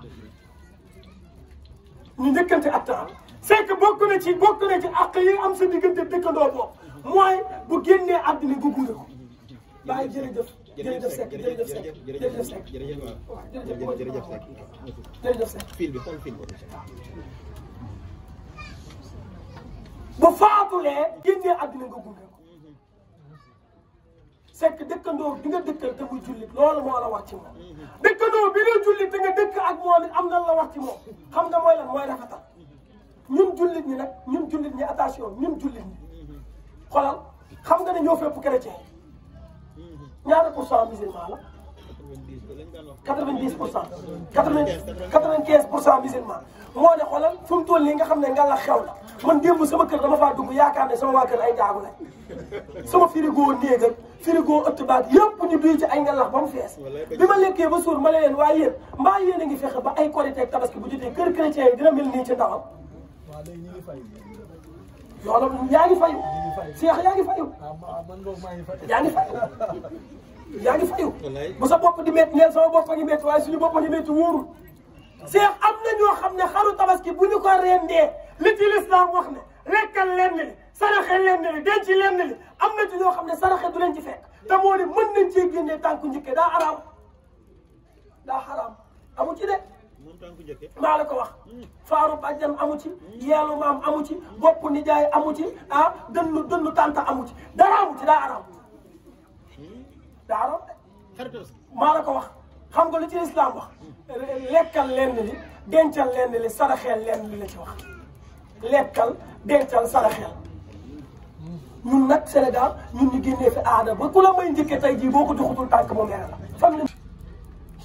ñu njëkkante ak taal c'est que bokk na ci bokk na ci ak yi am sa diggante dëkkandoo boobu mooy bu génnee àddina gu guure ko bàyyi jërëjëf jërëjëf Seck jërëjëf Seck jërëjëf Seck jërëjëf waaw jërëjëf Seck jërëjëf Seck fil bi xool fil bi bu faatulee génnee àddina gu guure ko fekk dëkkandoo bi nga dëkkal te muy jullit loolu moo la wax ci moom dëkkandoo bi nga jullit te nga dëkk ak moom it am na la wax ci moom xam nga mooy lan mooy rafetal ñun jullit ñi nag ñun jullit ñi attention ñun jullit ñi xoolal xam nga ne ñoo fépp chrétien ñaata pour cent musulman la 90 pour cent 95 pour cent musulman moo ne xoolal fu mu toll nii nga xam ne ngalla xew la man démb sama kër dama faa dugg yaakaar ne sama waa kër ay njaagu lañ sama frigo néegal frigo ëtt baat yëpp ñu duy ci ay ngalax ba mu fees bi ma lekkee ba suur ma ne leen waaye yéen mbaa yéen a ngi fexe ba ay koriteeg tabaski bu jotee kër chrétien yi dina mel nii ci ndawam loolu yaa ngi fayu Cheikh yaa ngi fayu yaa ngi fayu yaa ngi fayu bu sa bopp di métti neel sama bopp a ngi métti waaye suñu bopp a ngi métti wóorul seex am na ñoo xam ne xaru tabaski bu ñu ko rendee li ci lislaam wax ne lekkal lenn li saraxe lenn li denc lenn li am na ci ñoo xam ne saraxe du leen ci fekk te moo ne mën nañ cee génnee tànku njëkke daa araam daa xaraam amu ci de maa la ko wax faaru bàjjan amu ci yeelu maam amu ci bopp nijaay amu ci ah dënnu dënnu tànta amu ci dara amu ci daa araam daaro maa la ko wax xam nga lu ci islam wax lekkal lenn li dencal lenn li saraxeel lenn li la ci wax lekkal dencal saraxeel ñun nag Sénégal ñun ñu génnee fi aada ba ku la may njëkke tey jii boo ko joxutul tànk mu mere la fam la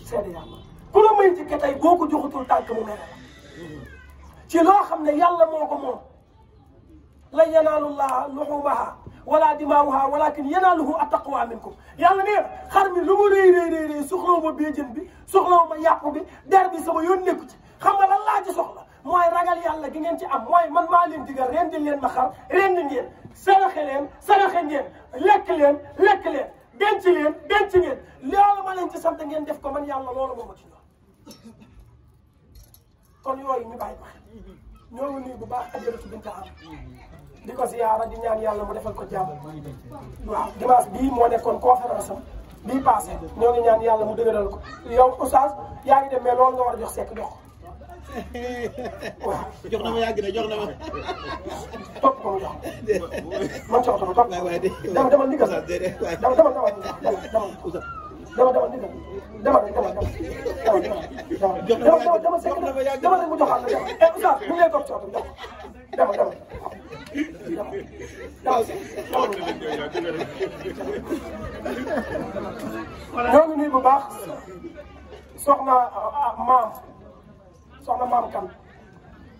seede yàlla ku la may njëkke tey boo ko joxutul tànk mu mere la ci loo xam ne yàlla moo ko moom la yanaalullaa luxumaha ولا دماؤها ولكن يناله التقوى منكم يلا نير خرمي لمو ري ري ري ري سخلو ما بيجن بي سخلو ما ياقو بي دار بي سما يون نيكو تي خما لا لا جي سخلو موي راغال يالا جي نين تي ام موي مان ما لين ديغال دي لين ما خار رند نين سرخ لين سرخ نين لك لين لك لين denc لين denc ngeen لولو ما leen ci sant ngeen def ko man yàlla loolu moo ma ci ñor kon yooyu ñu bàyyi ko xel ñoo ngi nuyu bu baax ajara di ko ziyaara di ñaan yàlla mu defal ko jàmm waaw dimanche bii moo nekkoon conférence am bii passé ñoo ngi ñaan yàlla mu dëgëral ko yow oustaz yaa ngi dem mais loolu nga war a jox sekk jox ko waaw. jox na ma yàgg na jox na ma. topp ko mu jox man jox ko ma topp. dama dama ndigal dama dama dama dama dama dama ndigal dama dama dama dama dama dama sekk dama dama mu joxaat la dama eh oustaz bu ñu lay topp cooto jox dama dama. ñoo ngi nuyu bu baax soxna ah, maam soxna maam kan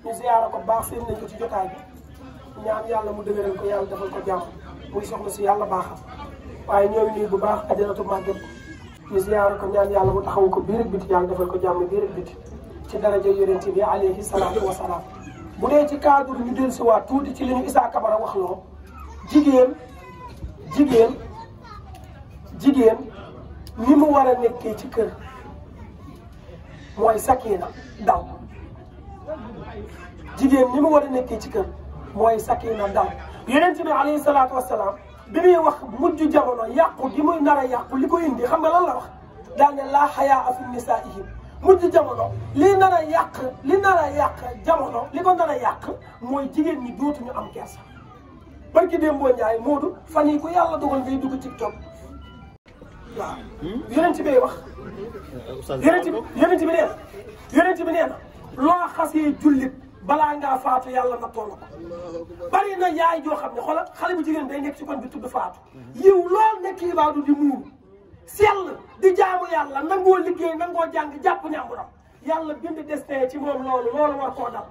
ñu ziyaara ko baax seen nañ ko ci jotaay bi ñaan yàlla mu dëgëral ko yàlla defal ko jàmm muy soxna si yàlla baaxam waaye ñoo ngi nuyu bu baax ajaratu màgget ñu ziyaara ko ñaan yàlla mu taxawu ko biir ak biti yàlla defal ko jàmm biir ak biti ci daraja yonent bi alayhi salaatu wa salaam bu dee ci cadre ñu dellu si waat tuuti ci li ñu Issa Kabara wax loo jigéen jigéen jigéen ni mu war a nekkee ci kër mooy sakina dal jigéen ni mu war a nekkee ci kër mooy sakina dal yonent bi alayhi salaatu wassalaam bi muy wax mujj jamono yàqu gi muy nar a yàqu li ko indi xam nga lan la wax daal ne laa xayaa afi nisaihim mujj jamono li nar a yàq li nar a yàq jamono li ko nar yàq mooy jigéen ñi dootuñu am kersa barki Demba Ndiaye Moodu fan yi ku yàlla dogal ngay dugg TikTok waaw hmm? yonent bi wax. Eh, yonent bi yonent bi nee na yonent bi nee na loo xasee jullit balaa ngaa faatu yàlla na toll ko bari na yaay joo xam ne xoolal xale bu jigéen day nekk ci koñ bi tudd faatu. yiw lool nekk ibaadu di muuru. sell di jaamu yàlla nangoo liggéey nangoo jàng jàpp ñàmburam yàlla bind destin ci moom loolu loolu war koo dal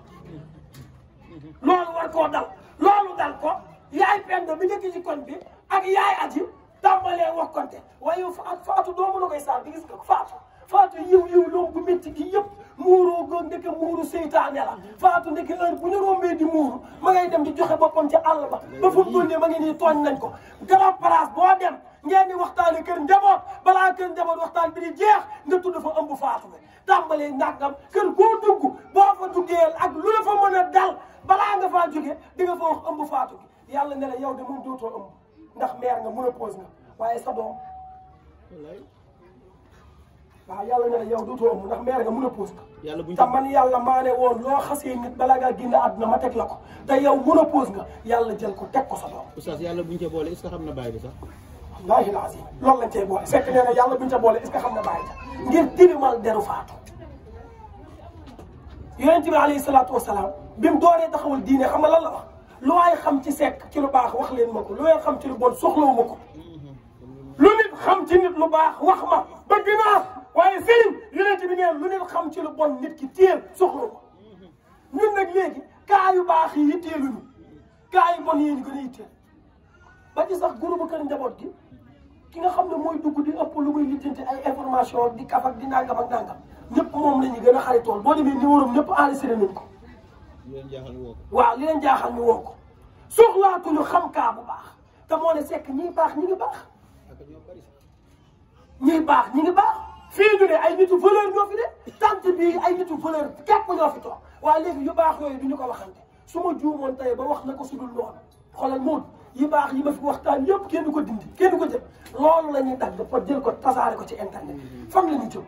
loolu war koo dal loolu dal ko yaay pendo bi nekk ci kon bi ak yaay aji tàmbalee wokkonte waaye faatu faatu doomu la koy saar bi gis nga faatu faatu yiw yiw loom bu métti gi yëpp muuroo góor ndeke muuru seytaane la faatu ndeke heure bu ñu rombee di muuru ma dem di joxe boppam ci àll ba ba fu mu toll ma ngi nii tooñ nañ ko grand place boo ngeen di waxtaane kër njaboot balaa kër njaboot waxtaan bi di jeex nga tudd fa ëmb faatu la tàmbalee nàngam kër koo dugg boo fa duggee ak lu la fa mën a dal balaa nga faa jóge di nga fa wax ëmb faatu gi yàlla ne la yow de mun dootoo ëmb ndax meer nga mun a pose nga waaye sa doom waaw yàlla ne la yow dootoo ëmb ndax meer nga mun a pose nga te man yàlla maa ne woon loo xasee nit balaa ngaa génn àdduna ma teg la ko te yow mun a pose nga yàlla jël ko teg ko sa doom oustaz yàlla buñu ca boole est-ce que xam na baay bi sax wallaahi laazim loolu lañ cay boole sekk nee na yàlla buñ ca boole est ce que xam na bàyyi ca ngir tilimal deru faatu yonent bi alayhi salaatu wasalaam bi mu dooree taxawal diine xam nga lan la wax lu waay xam ci sekk ci lu baax wax leen ma ko lu waay xam ci lu bon soxlawu ma ko lu nit xam ci nit lu baax wax ma bëgg naa waaye sëriñ yonent bi nee lu nit xam ci lu bon nit ki téel soxlawu ma ñun nag léegi kaa yu baax yi yitteeluñu kaa yu bon yi ñu gën a yitteel ba ci sax groupe kër njaboot gi ki nga xamne moy dugg di ëpp lu muy lijjanti ay information di kaf ak di nangam ak nangam ñëpp mom lañu gëna xari tool bo demé demee numéro ñepp ñëpp sëré nañ ko. li leen jaaxal ñu woo waaw li leen jaaxal ñu woo ko ñu xam ka bu baax te moo ne sekk ñiy baax ñi ngi baax. ñiy baax ñi ngi baax. fi ñu ne ay nitu voleur ñofi fi de tant bi ay nitu voleur képp ñofi tok toog légui yu baax yoy du ñu ko waxante suma juumon tay ba wax nako sudul noonu xolal moom. yi baax yi ma fi waxtaan yëpp kenn ko dindi kenn ko jël loolu la ñuy dagg dafa jël ko tasaare ko ci internet fan la ñuy jëm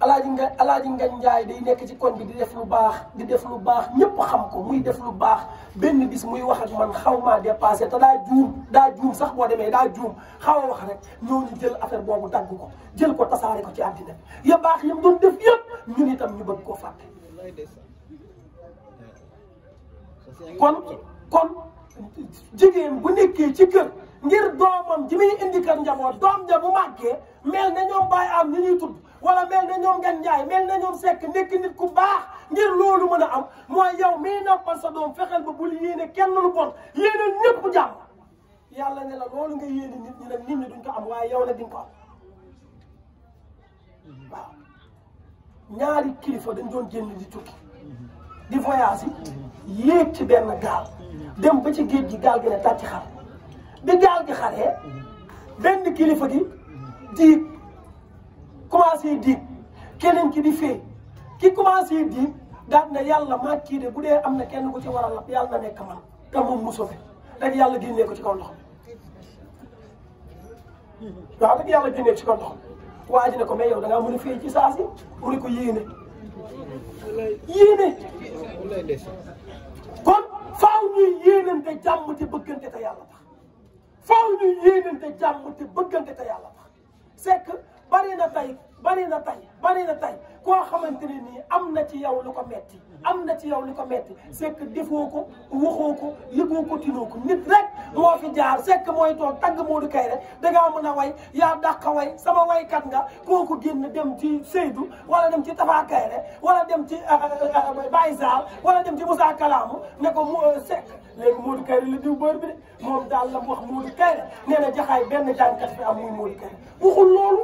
alaaji nga alaaji nga njaay day nekk ci koñ bi di def lu baax di def lu baax ñëpp xam ko muy def lu baax benn bis muy wax ak man xaw maa dépassé te daa juum daa juum sax boo demee daa juum xaw a wax rek ñooñu jël affaire boobu dagg ko jël ko tasaare ko ci àddina ya baax yam doon def yëpp ñun itam ñu bëgg koo fàtte kon kon jigéen bu nekkee ci kër ngir doomam ji muy indi kër njaboot doom ja bu màggee mel na ñoom bàyyi am ni ñuy tudd wala mel na ñoom gan njaay mel na ñoom sekk nekk nit ku baax ngir loolu mën a am mooy yow mii noppal sa doom fexeel ba bul yéene kenn lu bon yéene ñëpp jàmm yàlla ne la loolu nga yéene duñ ko am waaye yow na di nga ñaari kilifa dañ doon génn di tukki di voyage yi ci benn gaal dem ba ci géej gi gaal gi ne tàcc xar bi gaal gi xaree benn kilifa gi diig commencé diig keneen ki di fee ki commencé diig daal na yàlla maa kii de bu dee am na kenn ku ci war a lap yàlla na nekk man te moom mu sofe rek yàlla génnee ko ci kaw ndox mi waaw rek yàlla génnee ko ci kaw ndox mi waa ji ko mais yow da ngaa mën a fee ci saa si mu ne ko yéene yéene kon faaw ñuy yéenante jàmm te bëggante te yàlla tax faaw ñuy yéenante jàmm te bëggante te yàlla tax c'est bari na tey bari na tay bari na tey koo xamante ne nii am na ci yow lu ko metti am na ci yow li ko metti c'est que defoo ko waxoo ko yëgoo ko tinoo ko nit rek moo fi jaar c'est mooy toog tagg Modou Kayre dangaa a way yaa dàq way sama waykat nga kooku génn dem ci Seydou wala dem ci Tafa Kayre wala dem ci euh, euh, euh, Baye Sall wala dem ci Moussa Kalamu ne ko Seck léegi Modou Kayre diw bër bi de moom daal la wax Modou Kayre jaxaay benn jànkat fi am muy Modou Kayre waxul loolu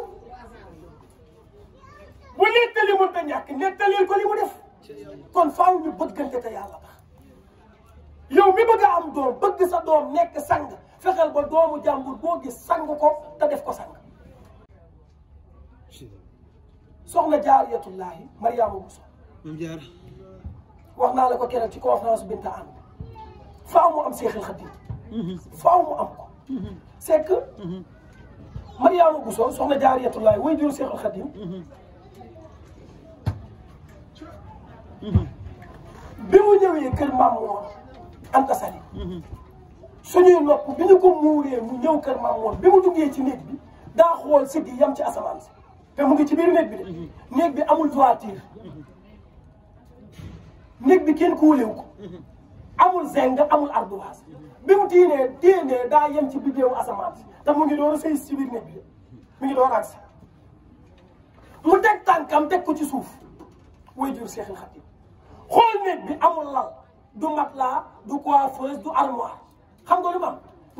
bu nettali mënta ñàkk nettalil ko li mu def kon faaw ñu bëggante te yàlla tax yow mi bëgg am doom bëgg sa doom nekk sang fexeel ba doomu jàmbur boo gis sang ko te ko sang soxna jaariyatullaahi mariama buso wax naa la ko keneen ci conférence binta an faaw am seexal xadim faaw mu am ko c'est que mhm. mariama Mhm. bi mu ñëwee kër maam Mor Anta Sali mhm. suñuy nopp bi ñu ko muuree mu ñëw kër maam Mor bi mu duggee ci néeg bi daa xool si di yam ci asamaan si te mu ngi ci biir néeg bi de mhm. néeg bi amul toiture néeg bi kenn kuulewu ko amul zinc amul ardoise bi mu tiinee tiinee daa yem ci biddeewu asamaan si te mu ngi doon sëy ci biir néeg bi mu ngi doon agsi mu teg tànkam teg ko ci suuf way jur Seexul Xadiim xool néeg bi amul lal du matelas du coiffeuse du armoire xam nga lu ma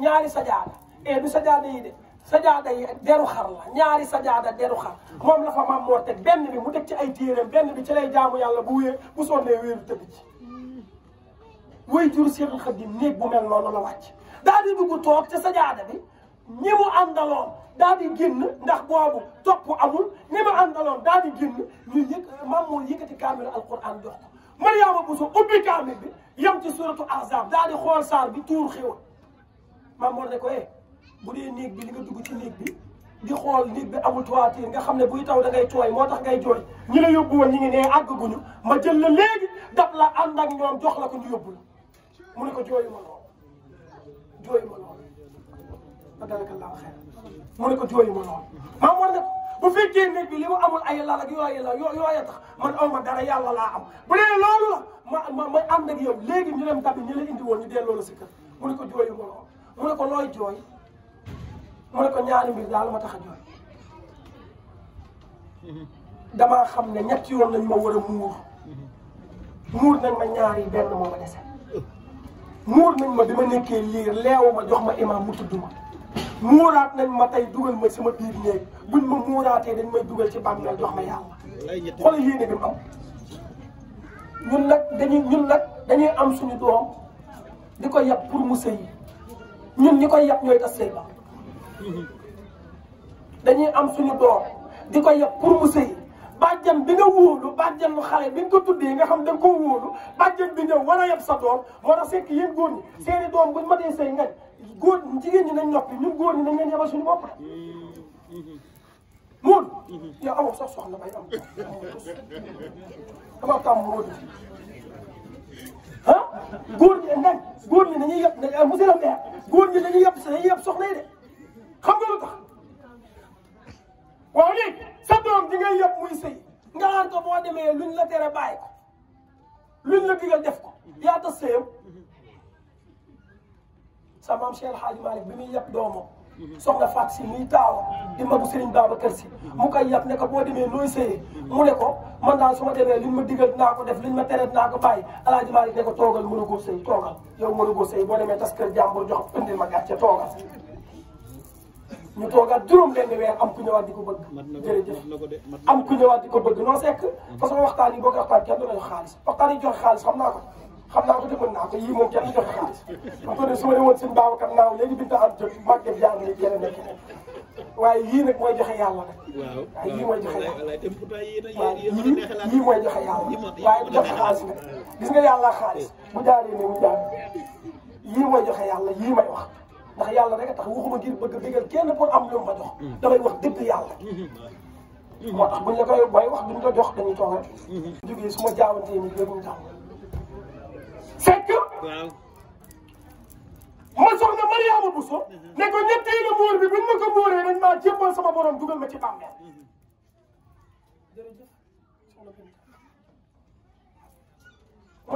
ñaari sajaada e du sajaada yi de sajaada yi deru xar la ñaari sajaada deru xar moom la fa maam moo teg benn bi mu teg ci ay téeréem benn bi ci lay jaamu yàlla bu wée bu sonnee wéeru tëdd ci way jur Seexul Xadiim néeg bu mel noonu la wàcc daal di dugg toog ca sajaada bi ñi mu àndaloon daal di génn ndax boobu topp amul ñi mu àndaloon daal di génn ñu yëg maam moo yëkkati kaamil alquran jox ko مريم ابو سو اوبي كامل بي يم تي سوره الاحزاب دالي خول سار بي تور خيو ما مور ايه بودي نيك بي ليغا دوجو نيك بي دي نيك بي امول تواتير nga xamne buy taw da ngay toy motax ngay joy ñi la yobbu won ñi ngi ne ag guñu ma jël la legi dab la and ak ñom jox la ko ما ذلك الله خير ما لك جوي ما مر bu fekkee ne bi li mu amul ay lal ak yooyu la yooyu tax man aw ma dara yàlla laa am bu dee loolu la ma ma ma ànd ak yow léegi ñu dem tabi ñi la indi woon ñu delloo la si kër mu ne ko jooyu ma lool mu ne ko looy jooy mu ne ko ñaari mbir daal ma tax a jooy damaa xam ne ñetti yoon lañ ma war a muur muur nañ ma ñaari benn moo ma dese muur nañ ma bi ma nekkee liir leewu ma jox ma imam mu tudd ma muuraat nañ ma tey dugal ma sama biir néeg buñ ma muuraatee dañ may dugal ci bàmmeel jox ma yàlla xoolal yéene bi mu am ñun nag dañuy ñun nag dañuy am suñu doom di ko yab pour mu sëy ñun ñi koy yab ñooy tas sëy dañuy am suñu doom di ko yab pour mu sëy bàjjan bi nga wóolu bàjjan lu xale bi nga ko tuddee nga xam da nga ko wóolu bàjjan bi ñëw war a yab sa doom war a sekk yéen góor ñi seeni doom buñ matee sëy ngañ góor jigéen ñi nañ noppi ñun góor ñi nañ leen yabal suñu bopp Moodu. yow amoo sax soxna bay am amoo tam Moodu ah góor ñi nañ góor ñi dañuy yab ne monsieur le maire góor ñi dañuy yab dañuy yab soxna yi de xam nga lu tax waaw léegi sa doom di ngay yab muy sëy nga naan ko boo demee luñ la tere bàyyi ko luñ la digal def ko ya tas sëyam sa maam Cheikh El Hadj Malick bi muy yëpp doomam soxna Faat si muy taaw di magu Serigne Babacar si mu koy yàpp ne ko boo demee nooy sëyee mu ne ko man daal su ma demee liñ ma digal dinaa ko def liñ ma tere dinaa ko bàyyi alaaji Malick ne ko toogal mën a góor sëy toogal yow mën a góor sëy boo demee tas kër jàmbur jox indil ma gàcce toogal ñu toogaat juróom benn weer am ku ñëwaat di ko bëgg jërëjëf am ku ñëwaat di ko bëgg noo sekk parce que waxtaan yi boo ko waxtaan kenn du la jox xaalis waxtaan yi jox xaalis xam naa ko xam naa ko defoon naa ko yii moom kenn du joxe xaalis bu ko def su ma demoon suñu Babacar naaw léegi biñ taxaw jot mag def jàng ni yeneen ak yeneen waaye yii nag mooy joxe yàlla nag. waaw waaye yii mooy joxe yàlla waaye yii yii mooy joxe yàlla waaye bu joxe xaalis nag gis nga yàlla xaalis bu jaaree ne mu jaar yii mooy joxe yàlla yii may wax ndax yàlla rek a tax waxuma ngir bëgg a dëggal kenn pour am lu ma jox. Mm. damay wax dëgg yàlla. Mm-hmm. Mm-hmm. moo tax buñ la koy booy wax duñ ko jox dañuy toog rek. Mm-hmm. jógee su ma jaawantee nii léegi ñu taxaw. seccu ma soxna Mariama Bousso ne ko ñetteelu muur bi buñ ma ko muuree dañ maa jébbal sama borom dugal ma ci bàmmeel mu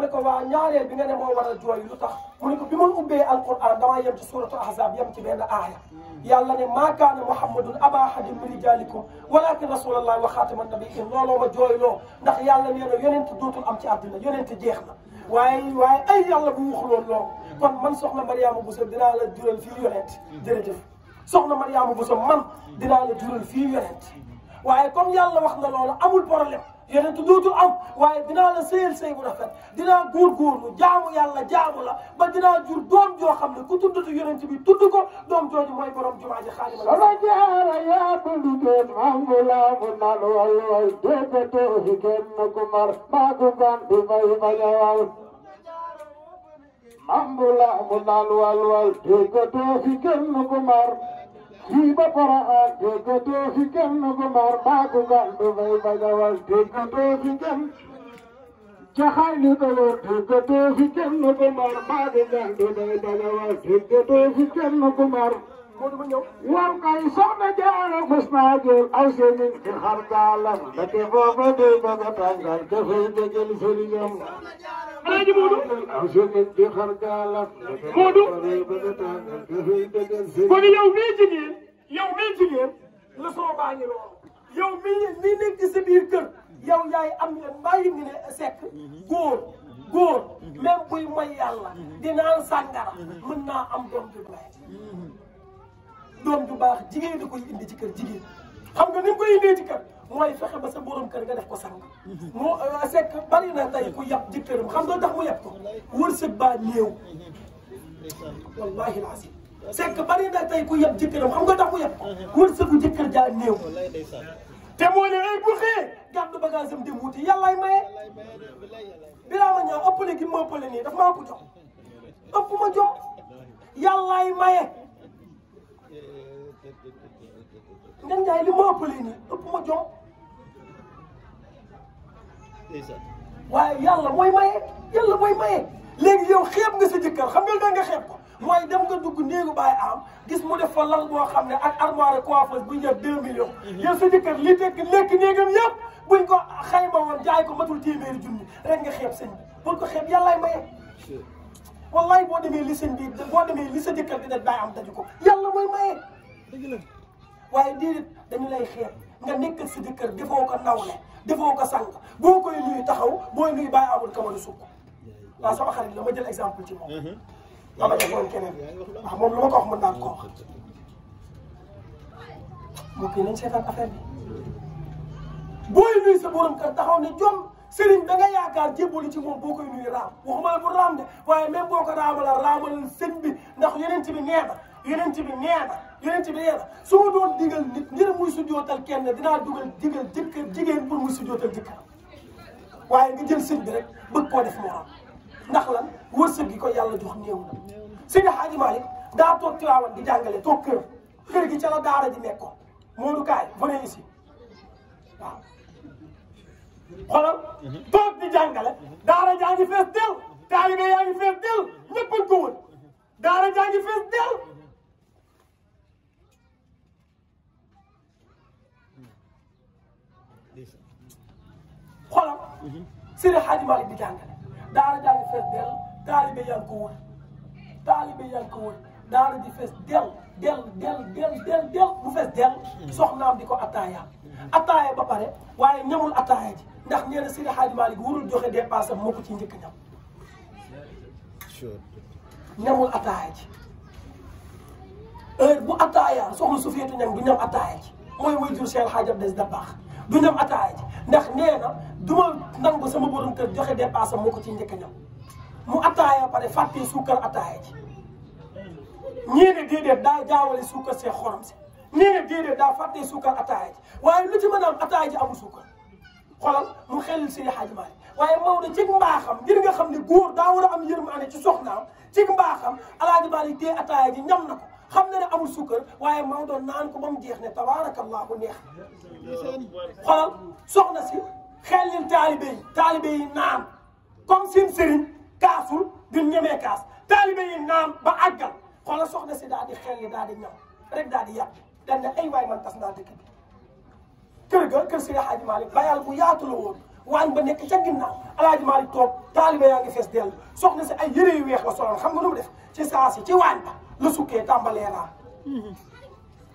ne ko waa ñaareel bi nga ne moo waral jooy lu tax mu ne ko bi ma ubbee alquran damaa yem ci suratu ahzab yem ci benn aaya yàlla ne maa kaana muhammadun aba ahadin min rijaalikum walakin rasulallah wa xaatama nabiyin looloo ma jooyloo ndax yàlla nee na yonent dootul am ci àddina yonent jeex na واي واي اي يالله لا جورال في يونت درجف سخنا مريم بو سو مان دينا لا جورال في يونت واي يعني تدوت الأرض ويدنا لسيل سيب رخت دنا قول قول جامو يلا جامو لا بدنا جور دوم جو خم لك تدوت يرن تبي تدوت دوم جو جو ماي برام جماعة خالد الله يا ريا بلوك مانو لا من لو لو دك تو هكيم كمار ما دكان بيماي مايا مانو لا من لو لو دك تو هكيم كمار Diba paraan tega toofikan nagumar baaku gandu bay bagawal tega toofikan. Jahani dalur tega toofikan nagumar baaku gandu bay bagawal tega toofikan nagumar. warkay soxna jaara mës naa jël aw semin ci xardaalam ndeke foofa day bëgg a tàngal dafay dëggal sëriñam alaaji Moodu aw semin ci xardaalam Moodu kon yow mii jigéen yow mii jigéen leçon baa ngi loolu yow mii mii nekk ci sa biir kër yow yaay am ne bàyyi ngi ne sekk góor góor même buy moy yàlla dinaan sàngara mën naa am doom ju doom ju baax jigéen da koy indi ci kër jigéen xam nga ni mu koy indee ci kër mooy fexe ba sa borom kër nga def ko sànq moo euh, sekk bari na tey ku yab jëkkëram xam nga tax mu yab ko wërsëg baa néew wallahi lasim sekk bari na tey ku yab jëkkëram xam nga tax mu yab ko wërsëgu jëkkër jaa néew te moo ne ay bu xëyee gàddu bagage am dem wuti yàllaay maye biraa ma ñaaw ëppale gi ma ëppale nii daf maa ko jox ëpp ma jox yàllaay maye Ngagne Ndiaye li ma ëpp lii nii ëpp ma jom. waaye yàlla mooy maye yàlla mooy maye léegi yow xeeb nga sa jëkkër xam nga da nga xeeb ko mooy dem nga dugg néegu bàyyi am gis mu def fa lal boo xam ne ak armoire coiffeuse bu jar deux millions mhm. yow sa jëkkër li tekk lekk néegam yëpp buñ ko xayma woon jaay ko matul téeméeri junni rek nga xeeb sëñ buñ ko xeeb yàllaay maye wallaay boo demee li sëñ bi boo demee li sa jëkkër di def bàyyi am daju ko yàlla mooy maye. dëgg la waaye déedéet dañu lay xeer nga nekkal sa jëkkër defoo ko nawle defoo ko sànq boo koy nuyu taxaw booy nuyu bàyyi amul kamanu suuf waaw sama xarit la ma jël exemple ci moom. dama mhm. defoon keneen waaw moom lu ma ko wax mën naa ko wax. moo koy nañ seetaan affaire bi booy nuyu sa borom kër taxaw ne jom. sëriñ da nga yaakaar jébbalu ci moom boo koy nuyu raam waxuma la bu raam de waaye même boo ko raamala raamalal sëñ bi ndax yeneen ci bi nee na yeneen ci bi nee na yeneen ci bi nee na su ma doon digal nit ngir muy sujjootal kenn dinaa dugal digal jëkkër jigéen pour muy sujjootal jëkkëram waaye nga jël sëñ bi rek bëgg koo def moo am ndax la wërsëg gi ko yàlla jox néew na sëñ Hadji Malick daa toog Tiwaawan di jàngale toog kër kër gi ca la daara ji nekkoon Modou Kaay venez ici waaw xoolal toog di jàngale daara jaa ngi fees del taalibe yaa ngi fees del ñëpp ko wër daara jaa ngi fees del xoolal Seydi Hadji Malick di jàngale daara jaa ngi fees del taalibe yaa ngi ko wër taalibe yaa ngi ko wër daara di fees del del del del del del bu fees del soxnaam di ko attaaya attaaya ba pare waaye ñamul attaaya ji ndax neena na Hadji Malick warul joxe dépasse am ci njëkk ñam ñamul ataaya ci heure bu ataaya soxna su ñam du ñam ataaya ci mooy way jur Seydi Hadji Abdou Aziz Dabakh du ñam ataaya ci ndax nee na nangu sama borom kër joxe dépasse am ci njëkk ñam mu ataaya pare fàttee suukar ataaya ci ñii ne déedéet jaawale suukar see xorom si ñii ne déedéet daa fàttee suukar ci waaye lu ci mën am ataaya ji amul suukar xolal mu xelal Seydi Hadji Malick waaye Maodo cig mbaaxam ngir nga xam ne góor da wara a am yërmande ci soxnaam cig mbaaxam Alaaji Malick te ataaya ji ñam nako ko xam na ne amul sukkar waaye Maodo naan ko bam jeex ne tabaarakallaahu neex xolal soxna si xellil talibe yi talibe yi naan comme seen serigne kaasul du ñemee kaas talibe yi naan ba àggal xolal soxna ci daal di xelli daal di ñam rek daal di yàq dañ na ay way man tas naa dëkk bi كير جو كير سي الحاج مالك بايال بو ياتلو وون وان با نيك تا غينا الحاج مالك توك طالب ياغي فيس ديل سخنا سي اي يري ويخ لا سولون خم نو ديف سي ساسي سي وان با لو سوكي تامبليرا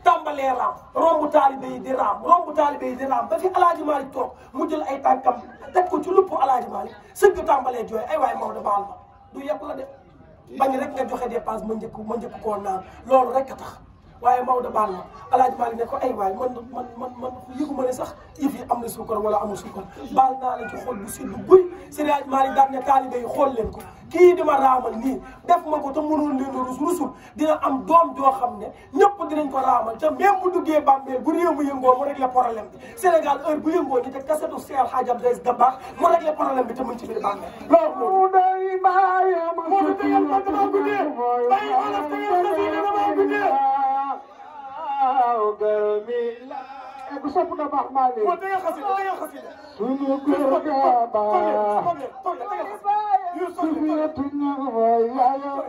تامبليرا روم طالب يي دي رام روم طالب يي دي رام با في الحاج مالك توك مو جيل اي تانكام تك كو تي لوبو الحاج مالك سيغ تامبلي جوي اي واي مودو بال دو ياب لا دي باني رك نجوخي دي باس مو كورنا لول رك تخ waaye Maodo baal ma Alaaji Maalik ne ko ay waay man man man man yëgu ma ne sax yëf yi am na suukar wala amul suukar baal naa leen ci xool bu sedd buy Seydi Alaaji Maalik ne taalibe yi xool leen ko kii di ma raamal nii def ma ko te mënoon leen rus rusul dina am doom joo xam ne ñëpp dinañ ko raamal te même bu duggee bàmmeel bu réew mi yëngoo mu réglé problème bi Sénégal heure bu yëngoo ñu teg kasetu Seydi Alaaji Abdou Aziz Dabakh mu réglé problème bi te mën ci biir bàmmeel loolu day baayam moo tax yàlla dama guddee bay wala ku sopp na baax maa ngi. waaw danga xasida danga xasida. sunu góor ga baax. sufiyatu ñaŋ mooy yee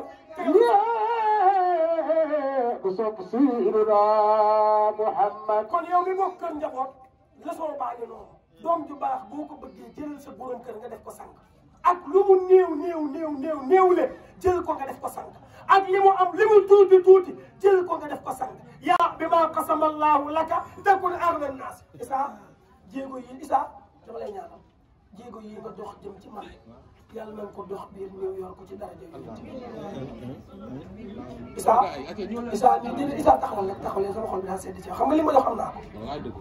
ku sopp Seydina Muhammad. kon yow mi bokk kër njaboot leçon baa ngi noonu doom ju baax boo ko bëggee jëlal sa borom nga def ko sànq. ak lu mu néew néew néew néew néew le ko nga def ko sang ak li mu am li mu tuuti tuuti jël ko nga def ko sang yaa bi ma qasama allahu laka takun arda naas isaa jéego yi isaa dama lay ñaanal jéego yi nga dox jëm ci man yàlla na ko dox biir néew yor ko ci dara jël isaa isaa ni dina isaa taxawal nag taxawal sama xol bi daa sedd ci xam nga li ma la xam naa ko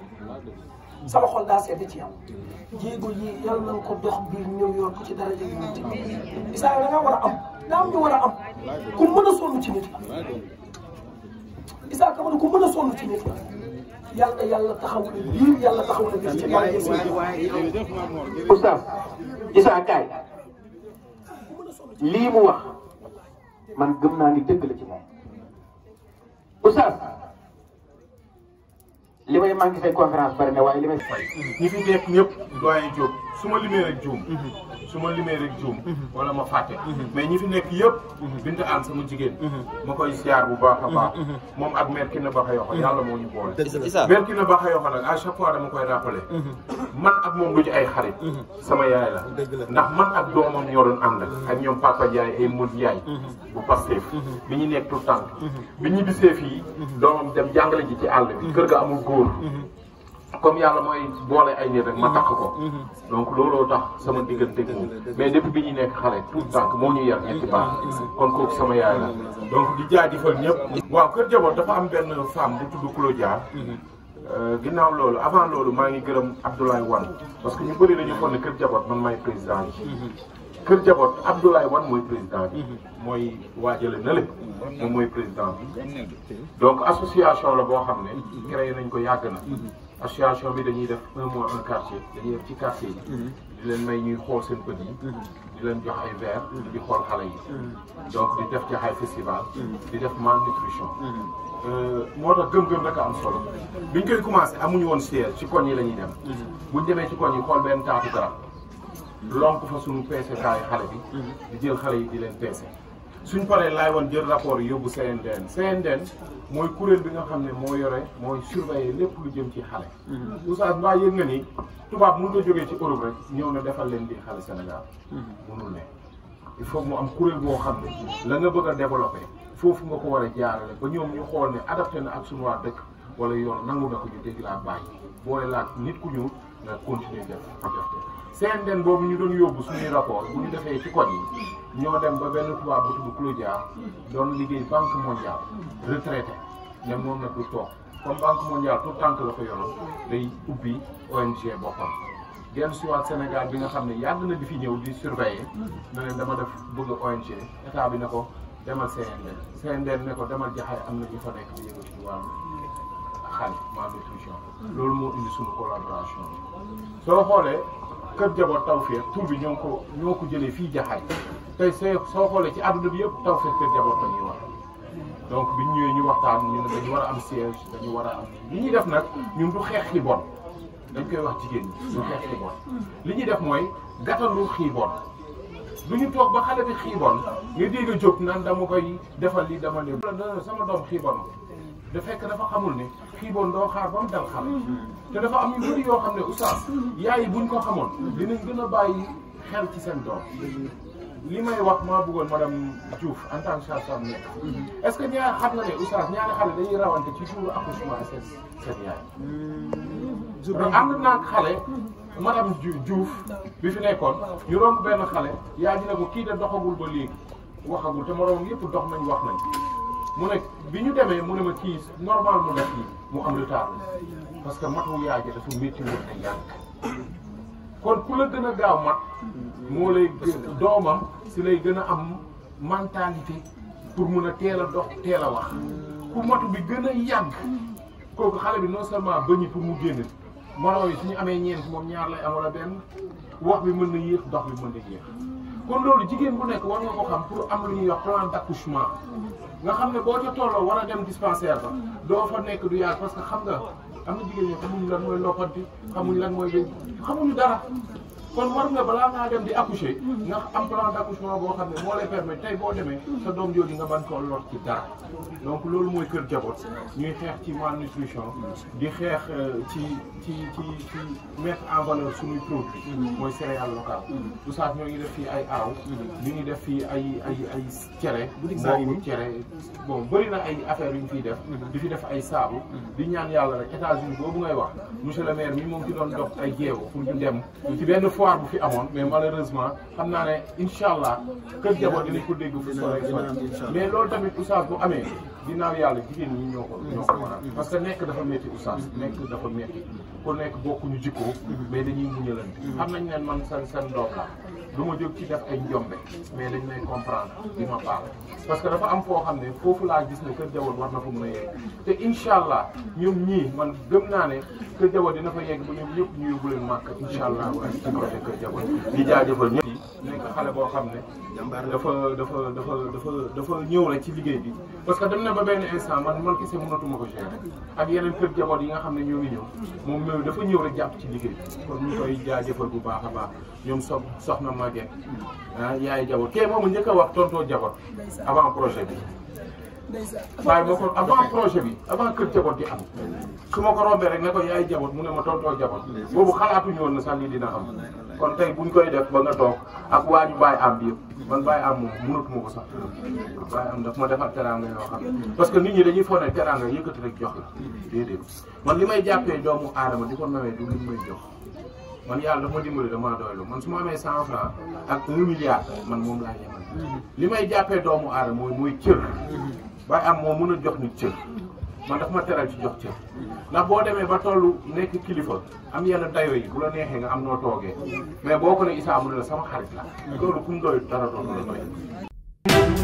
sama xol daa sedd ci yow jéego yi yàlla nañ ko dox biir ñëw yor ko ci dara jëg ñun ci Issa da nga war a am daa am ñu war a am ku mën a sonn ci nit la Issa Kamara ku mën a sonn ci nit la yàlla yàlla taxaw na biir yàlla taxaw na biir ci dara Oustaz Issa Kaay lii mu wax man gëm naa ni dëgg la ci moom Oustaz li may manqué say conférence bari na waaye li may. ñi fi é ñëpp doyen Diop su ma limee su ma limee rek juum mhm. wala ma fàtte mhm. mais ñi fi nekk yëpp mhm. binta an sama jigéen ma koy siyaar bu baax a baax moom ak mère Kine Baxa Yoxo Yoxo nag à chaque fois dama koy ak moom du ay xarit sama yaay la ndax man ak doomam ñoo doon ànd ak ñoom papa Ndiaye ay mën yaay bu Pastef bi ñu nekk tout le ñu bisee fii doomam dem jàngale ji ci àll kër ga amul góor comme yàlla mooy boole ay nit rek ma takk ko mhm. donc looloo tax sama digganteeg moom mais depuis bi ñu nekk xale tout tànk moo ñu yar ñetti baax kon kooku sama yaay la donc di jaajëfal ñëpp waaw kër jaboot dafa am benn femme bu tudd Claudia mhm. euh, ginnaaw loolu avant loolu maa ngi gërëm Abdoulaye Wane parce que ñu bëri dañu foog ne kër jaboot man may président bi mhm. kër jaboot Abdoulaye Wane mooy président bi mooy waajale na le mooy président bi donc association la boo xam ne nañ ko yàgg association bi dañuy def un mois un quartier def ci quartier yi. Mm-hmm. di leen may ñuy seen bët mm-hmm. di leen jox ay verre. Mm-hmm. di xool xale yi. donc di def ci ay festival. di def malnutrition. Euh, moo tax gëm-gëm rek a am solo. biñ koy commencé amuñu woon siège ci koñ yi la ñuy dem. buñ demee ci koñ yi xool benn taatu garab. lonk fa suñu peese kaayu xale bi. di jël xale yi di leen peese. suñ paree laay woon jël rapport yi yóbbu CNDN CNDN mooy kuréel bi nga xam ne moo yore mooy surveiller lépp lu jëm ci xale. Mm-hmm. oustaz mbaa yëg nga ni tubaab mënut a jógee ci Europe ñëw na defal leen di xale Sénégal. mënul mm-hmm. ne il faut mu am kuréel boo xam ne la nga bëgg a développé foofu nga ko war a jaarale ba ñëw ñu xool ne adapté na ak suñu waa dëkk wala yoon nangu na ko ñu dégg laa bàyyi boole laaj nit ku ñëw nga continuer def CNDN boobu ñu doon yóbbu suñuy rapport bu ñu defee ci code yi ñoo dem ba benn tubaab bu tudd Claudia doon liggéey banque mondiale retraité ne moom nag du toog comme banque mondiale tout tànk la ko yoroon day ubbi ONG boppam. genn siwaat Sénégal bi nga xam ne yàgg na di fi ñëw di surveiller na leen dama def bëgg ONG état bi ne ko demal CNDN CNDN ne ko demal jaxaay am na ñu fa nekk di yëngu ci wàllu xale malnutrition loolu moo indi suñu soo xoolee. kër jaboot tawfeex tur bi ñoo ko ñoo ko jëlee fii jaxaay tey soo xoolee ci àdduna bi yëpp tawfeex kër jaboot la ñuy wax donc biñ ñëwee ñu waxtaan ñu ne dañu war a am siège dañu war a am li ñuy def nag ñu du xeex li bon dañ koy wax jigéen ñi du xeex li bon li ñuy def mooy gàttalu xii bon du ñu toog ba xale bi xii bon nga dégg a jóg naan dama koy defal li dama leen. sama doom xii bon da fekk dafa xamul ne xiiboon doo xaar ba mu dal xale te dafa am yu bëri yoo xam ne oustaz yaay yi buñ ko xamoon dinañ gën a bàyyi xel ci seen doom li may wax maa bëggoon madame Diouf en tant que sage-femme ce que ñaar xam nga ne oustaz ñaari xale dañuy rawante ci jour accouchement seen seen yaay ànd naag xale madame Diouf bi fi nekkoon ñu romb benn xale yaa ñu ne ko kii de doxagul ba léegi waxagul te moroom yëpp dox nañ wax nañ mu ne bi ñu demee mu ne ma kii normal mu nekk yi mu am retard parce que matu yaay ja dafa métti woon te yàgg kon ku la gën a gaaw mat moo lay doomam si lay gën a am mentalité pour mën a teel a dox teel a wax ku matu bi gën a yàgg kooku xale bi noo non seulement bëñi pour mu génn moroom yi su ñu amee ñeent moom ñaar lay am wala benn wax bi mën na yéex dox bi mën na yéex kon loolu jigéen bu nekk war nga ko xam pour am lu ñuy wax plan d'accouchement nga xam ne boo ca tolloo war a dem dispensaire ba doo fa nekk du yàgg parce que xam nga am na jigéen ñi xamuñ lan mooy ndoppanti xamuñ lan mooy xamuñu dara kon man na balaa ngaa dem di accoucher mm-hmm. nga am plan d' accouchement boo xam ne moo lay permettre tey boo demee mm-hmm. sa doom jooju nga ban koo lor ci dara donc loolu mooy kër jaboot ñuy xeex ci malnutrition mm-hmm. di xeex euh, ci ci ci ci mettre en valeur suñuy produit mooy céréales locales Oustaz ñoo ngi def fii ay araw ñu ngi def fii ay ay ay cere boobu cere bon bëri na ay affaires yu ñu fiy def di fi def ay saabu di ñaan yàlla rek États-Unis boobu ngay wax monsieur le maire mi moom ci doon dox ay jéego pour ñu dem ci benn espoir bu fi amoon mais malheureusement xam naa ne incha allah kër jaboot dinañ ko dégg fu sore sore mais loolu tamit oustaz bu amee ginnaaw yàlla jigéen ñi ñoo ko ñoo ko waral parce que nekk dafa metti oustaz nekk dafa metti ku nekk bokkuñu jikkoo mais dañuy muñalante xam nañ ne man seen seen doom la du ma jóg ci def ay njombe mais dañ may comprendre di ma baal parce que dafa am foo xam ne foofu laa gis ne Kër Jawar war na ko mën a yegg te incha allah ñoom ñii man gëm naa ne Kër Jawar dina fa yegg ba ñoom ñëpp ñu yóbbu leen màkk incha allah ci projet Kër Jawar di jaajëfal ñëpp nekk xale boo ne dafa dafa dafa dafa dafa ñëw rek ci liggéey bi parce que dem na ba benn instant man man kese mënatuma ko gérer ak yeneen Kër Jawar yi nga xam ne ñoo ngi ñëw moom dafa ñëw rek jàpp ci liggéey bi kon ñu koy jaajëfal bu baax a baax ñoom so soxna Maguette ah yaay jaboot kee moomu njëkk a wax tontoo jaboot avant projet bi waaye moo ko avant projet bi avant kër jaboot di am su ma ko rombee rek ne ko yaay jaboot mu ne ma tontoo jaboot boobu xalaatuñu woon na sax lii dina am kon tey buñ koy def ba nga toog ak waa ñu bàyyi am bi yëpp man bàyyi am moom mënatuma ko sax bàyyi am daf ma defal teraanga yoo xam parce que nit ñi dañuy foog ne teraanga yëkkati rek jox man li may jàppee doomu aadama di ko nawee du man yàlla dafa ma dimbali damaa doylu man su ma amee cent franc ak un milliard man moom laa yemal mm-hmm. li may jàppee doomu aadama mooy mooy cër mm-hmm. ba am moo mën a jox nit cër man dafa ma teral ci jox cër mm-hmm. ndax boo demee ba toll nekk kilifa am yenn dayo yi bu la neexee nga am noo toogee mais boo ko ne Issa mu ne la sama xarit la loolu ku mu doy dara doon la doy